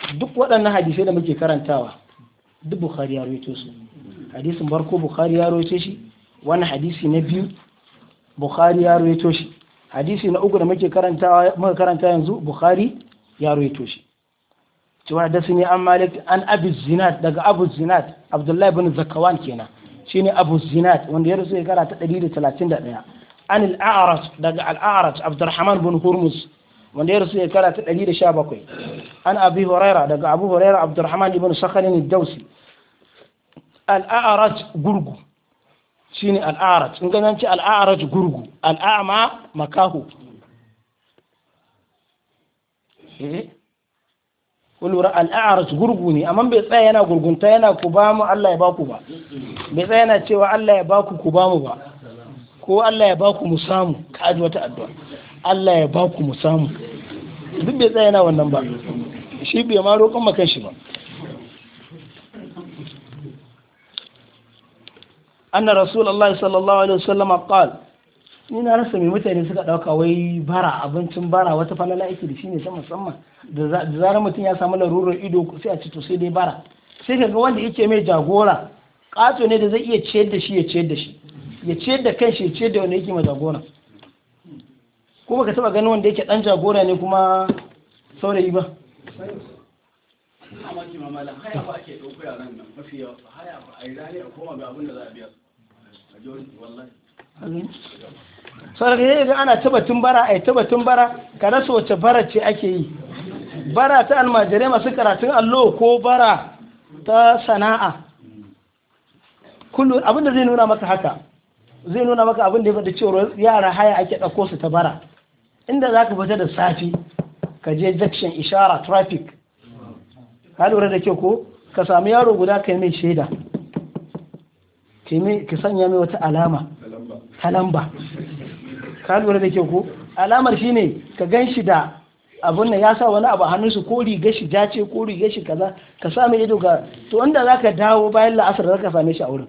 duk waɗannan hadisai da muke karantawa duk bukhari ya rawaito su hadisin barko bukhari ya rawaito shi wani hadisi na biyu bukhari ya rawaito shi hadisi na uku da muke karanta muka karanta yanzu bukhari ya rawaito shi cewa hadasini an malik an abu zinat daga abu zinat abdullahi bin zakawan kenan shine abu zinat wanda ya rasu ya karata ɗaya an al daga al-a'raj abdurrahman bin hurmus wanda ya rasu ya karata bakwai an abu huraira daga abu huraira abdurrahman ibn sakhalin ad-dawsi al gurgu shine al'araj in ga ci al'araj gurgu al'ama makahu eh kulura al'araj gurgu ne amma bai tsaya yana gurgunta yana ku ba mu Allah ya baku ba bai tsaya yana cewa Allah ya baku ku ba mu ba ko Allah ya baku mu samu ka wata addu'a Allah ya baku mu samu duk bai tsaya yana wannan ba shi bai ma roƙon makan shi ba anna rasulullahi sallallahu alaihi wasallam qal ni na rasa mai mutane suka dauka wai bara abincin bara wata falala yake da shine ta musamman da zarar mutum ya samu larurar ido sai a ci to sai dai bara sai kaga wanda yake mai jagora kato ne da zai iya ciyar da shi ya ciyar da shi ya ciyar da kanshi ya ciyar da wanda yake mai jagora kuma ka taba ganin wanda yake dan jagora ne kuma saurayi ba ina maki yi ga da a ne ana tabbatin bara a yi tabbatin bara ka rasa wace bara ce ake yi bara ta almajirai masu karatun allo ko bara ta sana'a kullum abin da zai nuna maka haka zai nuna maka abin da ya faɗi cewa yara haya ake ɗauko su ta bara inda za ka fita da safi ka je jakshin ishara traffic ka lura da kyau ko ka samu yaro guda ka yi mai shaida ka sanya mai wata alama ta lamba ka lura da kyau ko alamar shine ka gan shi da abun da ya sa wani abu hannun su ko riga shi jace ko riga shi kaza ka sami ido ga to inda ka dawo bayan la'asar ka same shi a wurin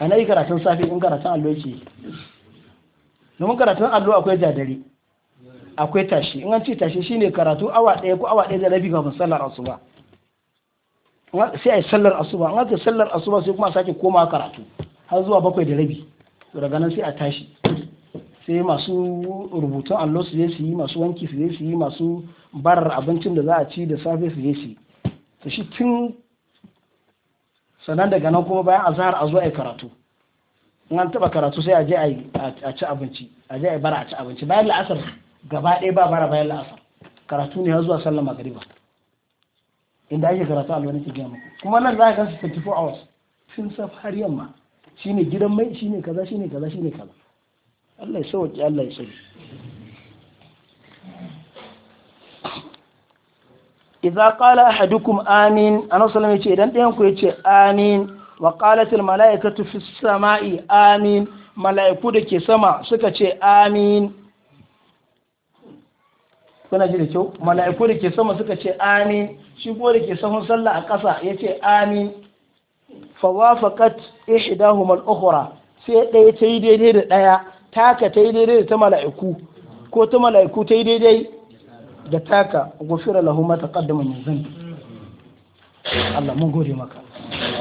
a na yi karatun safi in karatun allo ce domin karatun allo akwai jadari akwai tashi in an ce tashi shine karatu awa ɗaya ko awa ɗaya da rabi kafin sallar asuba ba sai a yi sallar asuba an aka sallar asuba sai kuma sake koma karatu har zuwa bakwai da rabi to daga nan sai a tashi sai masu rubutun allo su je su yi masu wanki su je su yi masu barar abincin da za a ci da safe su je su yi to shi tun sannan daga nan kuma bayan azahar a zo a yi karatu in an taba karatu sai a je a ci abinci a je a bara a ci abinci bayan la'asar gaba ɗaya ba bara bayan la'asar karatu ne har zuwa sallar magariba inda ake karatu a lokacin gaya kuma nan za ka gansu 24 hours sun saf har yamma shine gidan mai shine kaza shine kaza shine kaza Allah ya sauki Allah ya sauki idza qala ahadukum amin anna sallama yace idan ɗayan ku yace amin wa qalat al malaikatu fis samai amin malaiku da ke sama suka ce amin kuna ji da kyau malaiku da ke sama suka ce amin shi kuma da ke sahun sallah a ƙasa ya ce amin fawafaqat ihdahuma al-ukhra sai ɗaya ta yi daidai da ɗaya taka ta yi daidai da ta mala'iku ko ta mala'iku ta yi daidai da taka gufira lahu ma taqaddama min dhanbi Allah mun gode maka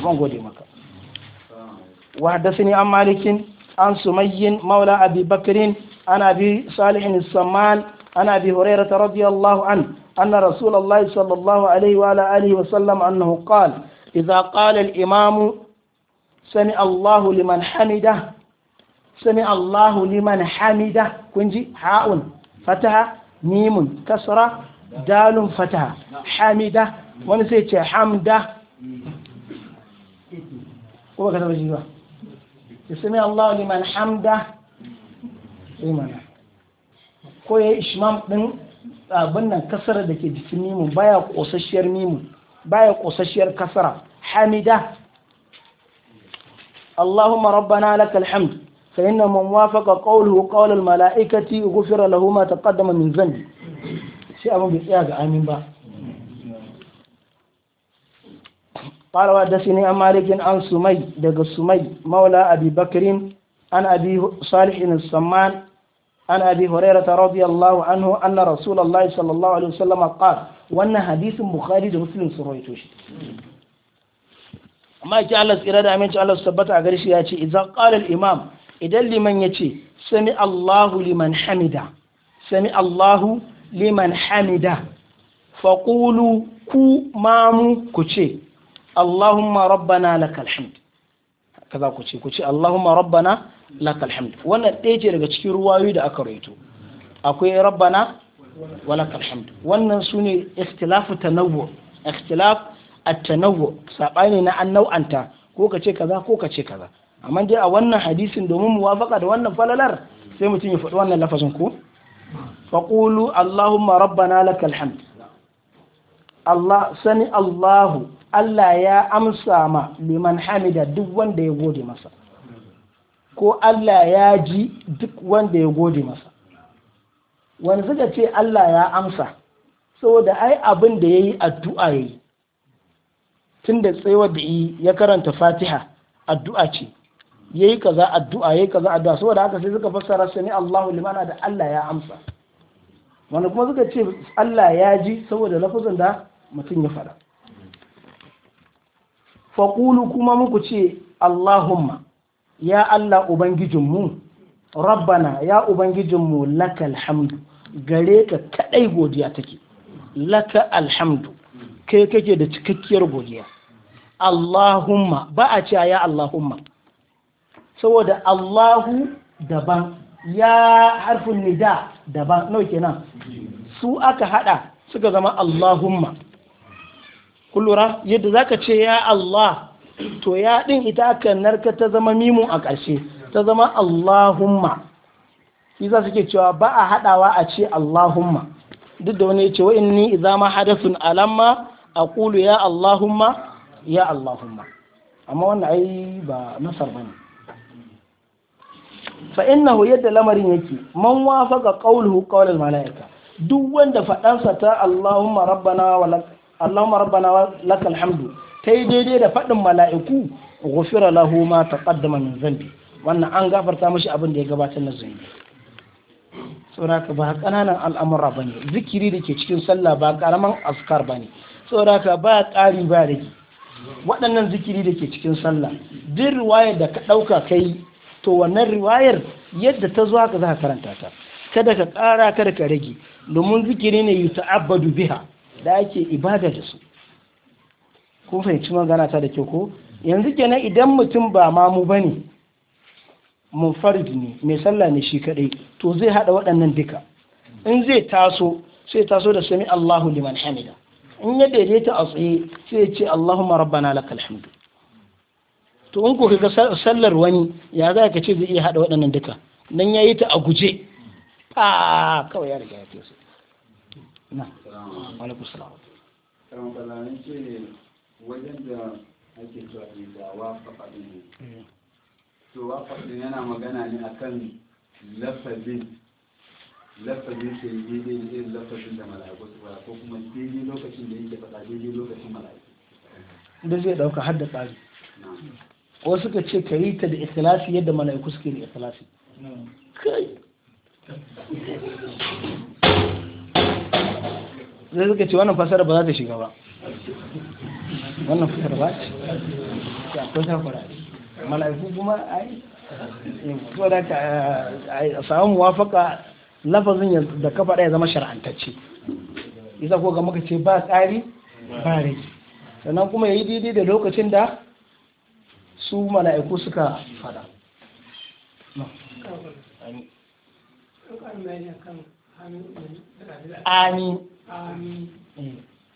mun gode maka wa hadathani an malikin an sumayyin maula abi bakrin an abi salihin as-samman an abi hurairah radiyallahu anhu أن رسول الله صلى الله عليه وعلى آله وسلم أنه قال إذا قال الإمام سمع الله لمن حمده سمع الله لمن حمده كنجي حاء فتحة ميم كسرة دال فتحة حمده ونسيت حمده kuma ka taba jiwa ya sami Allah liman hamda imana ko ya yi ishmam din abin nan kasar da ke jikin mimun baya kosasshiyar mimun baya kosasshiyar kasara hamida Allahumma rabbana lakal hamd fa inna man wafaqa qawluhu qawlal malaikati ghufira lahu ma taqaddama min dhanbi shi abu bi tsaya ga amin ba Qala wa dasini amalikin an sumai daga sumai maula abi bakrin an abi salih ibn samman عن أبي هريرة رضي الله عنه أن رسول الله صلى الله عليه وسلم قال وأن حديث بخاري مسلم سرويتوش amma yake Allah tsira da aminci Allah su tabbata a gare shi ya ce idan qala al imam idan liman yace sami Allahu liman hamida sami Allahu liman hamida fa ku mamu ku ce Allahumma rabbana ce lakal hamd wannan ɗaya ce daga cikin ruwayoyi da aka rawaito akwai rabbana wa lakal hamd wannan sune ikhtilafu tanawwu ikhtilaf at-tanawwu sabani na an nau'anta ko kace kaza ko ce kaza amma dai a wannan hadisin domin muwafaqa da wannan falalar sai mutum ya faɗi wannan lafazin ko faqulu allahumma rabbana lakal hamd Allah sani Allahu Allah ya amsa ma liman hamida duk wanda ya gode masa ko Allah ya ji duk wanda ya gode masa wani suka ce Allah ya amsa saboda ai abin da ya yi addu'a ya yi tun da tsewa da yi ya karanta fatiha addu'a ce ya yi kaza addu'a ya yi kaza addu'a saboda haka sai suka fassara ne Allah limana da Allah ya amsa wani kuma suka ce Allah ya ji saboda lafazin da mutum ya faɗa faƙulu kuma muku ce Allahumma ya Allah Ubangijinmu, Rabbana ya Ubangijinmu laka alhamdu, gare ka kaɗai godiya take, laka alhamdu, kai kake da cikakkiyar godiya. Allahumma ba a cewa ya Allahumma, saboda Allahu daban, ya harfin nida daban, nau kenan, su aka haɗa suka zama Allahumma. Kullura, yadda za ka ce ya Allah to ya ɗin ita aka narka ta zama mimu a ƙarshe ta zama Allahumma shi za suke cewa ba a haɗawa a ce Allahumma duk da wani ya ce wa'in ni za ma sun alamma a ƙulu ya Allahumma ya Allahumma amma wannan ai ba nasar ne fa innahu yadda lamarin yake man wafaqa qawluhu qawlal malaika duk wanda faɗansa ta Allahumma rabbana wa Allahumma rabbana lakal hamdu ta yi daidai da faɗin mala'iku ghufira lahu ma taqaddama min zambi wannan an gafarta mashi abin da ya gabatar na zambi saboda ba ƙananan al'amura ba ne zikiri da ke cikin sallah ba ƙaramin askar ba ne saboda ba ƙari ba rage waɗannan zikiri da ke cikin sallah duk riwayar da ka ɗauka kai to wannan riwayar yadda ta zo haka za ka karanta ta kada ka ƙara kada ka rage domin zikiri ne yi ta'abbadu biha da ake ibada da su kun fahimci magana ta da ke ko yanzu kenan idan mutum ba mamu bane mu farji ne mai sallah ne shi kadai to zai hada waɗannan duka in zai taso sai taso da sami Allahu liman hamida in ya daidaita a tsaye sai ya ce Allahumma rabbana lakal hamdu to in ko kaga sallar wani ya za ka ce zai iya hada waɗannan duka nan yayi ta a guje a kawai ya riga ya ce na alaikum salam wajen da ake cewa ne da wafa ɗin ne eh. to wafafa ɗin yana magana ne akan lafazin lafazin ke yi daidai irin lafazin da mala'iku su ko kuma daidai lokacin da yake faɗa daidai lokacin mala'iku da zai ɗauka har da tsari ko suka ce ka yi ta da ikhlasi yadda mala'iku suke da ikhlasi kai zai suka ce wannan fasara ba za ta shiga ba wannan fitar ba ce akwai fara mala'iku kuma ai eh, so da ka samu muwafaka lafazin da ka faɗa ya zama shara'antacce isa ko ga maka ce ba tsari ba rage sannan kuma ya yi daidai da lokacin da su mala'iku suka faɗa Amin. Amin. Eh.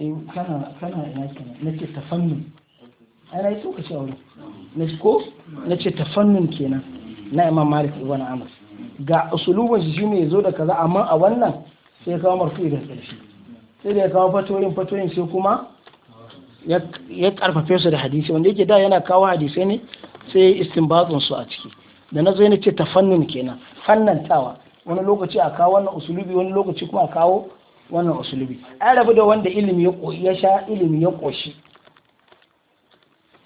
eh kana kana ina kenan nace tafannun ana yi nace ko nace tafannun kenan na imam malik ibn amr ga usulubin shi ne yazo da kaza amma a wannan sai ya kawo marfu da ƙarshe sai da ya kawo fatoyin fatoyin sai kuma ya karfafe su da hadisi wanda yake da yana kawo hadisai ne sai ya istinbatsun su a ciki da na zo ne ce tafannun kenan fannantawa wani lokaci a kawo wannan usulubi wani lokaci kuma a kawo wannan usulubi an rabu da wanda ilimi ya koyi ya sha ilimi ya koshi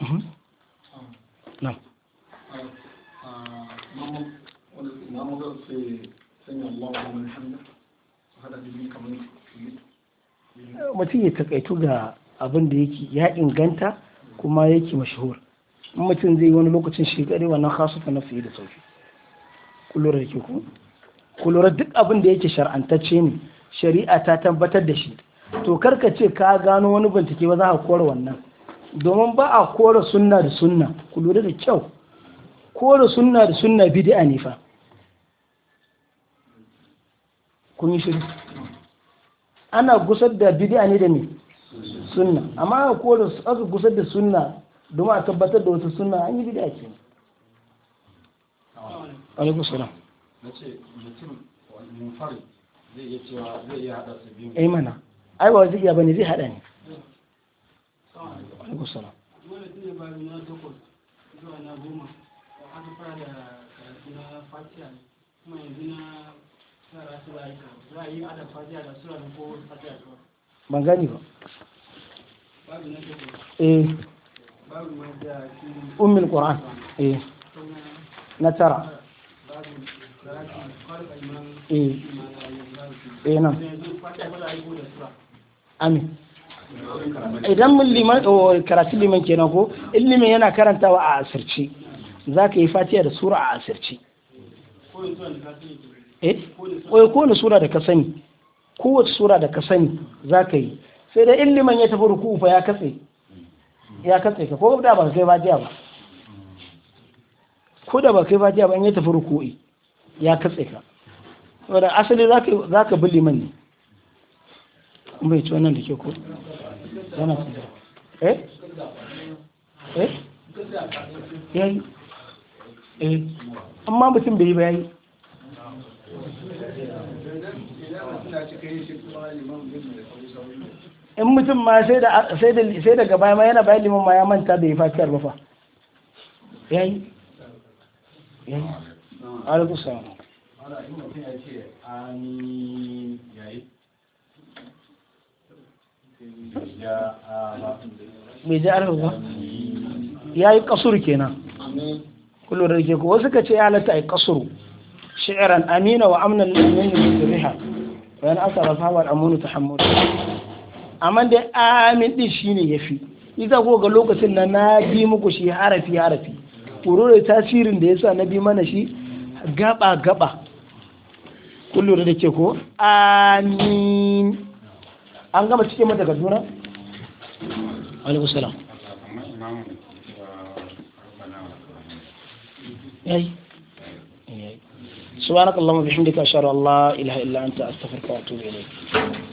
mhm. mutum ya takaitu ga abin da yake ya inganta kuma yake mashahur in mutum zai wani lokacin shekaru wannan hasufa na fiye da sauki kulura da ke ku kulura duk abin da yake shar'antacce ne shari'a ta tabbatar da shi to karka ce ka gano wani bincike ba za a kore wannan domin ba a kore sunna da sunna ku lura da kyau kore sunna da sunna bid'a ne fa kun yi shiru ana gusar da bid'a ne da ne sunna amma a kora aka gusar da sunna domin a tabbatar da wata sunna an yi bid'a ce alaikum salam nace mutum munfarid ai eh, mana ai zai iya bane zai hada ne ban gani ba eh qur'an eh na tara Eh, eh, idan mun liman oh, karatu liman kenan ko in liman yana karantawa a asirce za ka yi fatiya da sura a asirce eh ko da sura da ka sani kowace sura da ka sani za ka yi sai da in liman ya tafi ruku fa ya katse ya katse ka ko da ba kai ba ko da ba kai ba in ya tafi ruku'i ya katse ka wadda asali za ka bi liman ne mai ci wannan da ke ko yana kuma eh eh yi eh amma mutum bai yi ba yayi in mutum ma sai da gaba ma yana bayan liman ma ya manta da ya fatiyar ba fa ya yi alaikum ya yi kasuru kenan kullum da ke kuwa suka ce ya halatta a yi kasuru shi'iran amina wa amnan lalmin da mutu Wani aka rafa wa al'amunu ta hamadu amma dai amin ɗin shi ne ya fi ita ko ga lokacin na na bi muku shi harafi harafi kuro da tasirin da ya sa na bi mana shi gaba gaba kullum da ke ko amin an gama cikin mata ga juna alaikun salam yayi subhanakallahumma bihamdika ashhadu allah la ilaha illa anta astaghfiruka wa atubu ilayk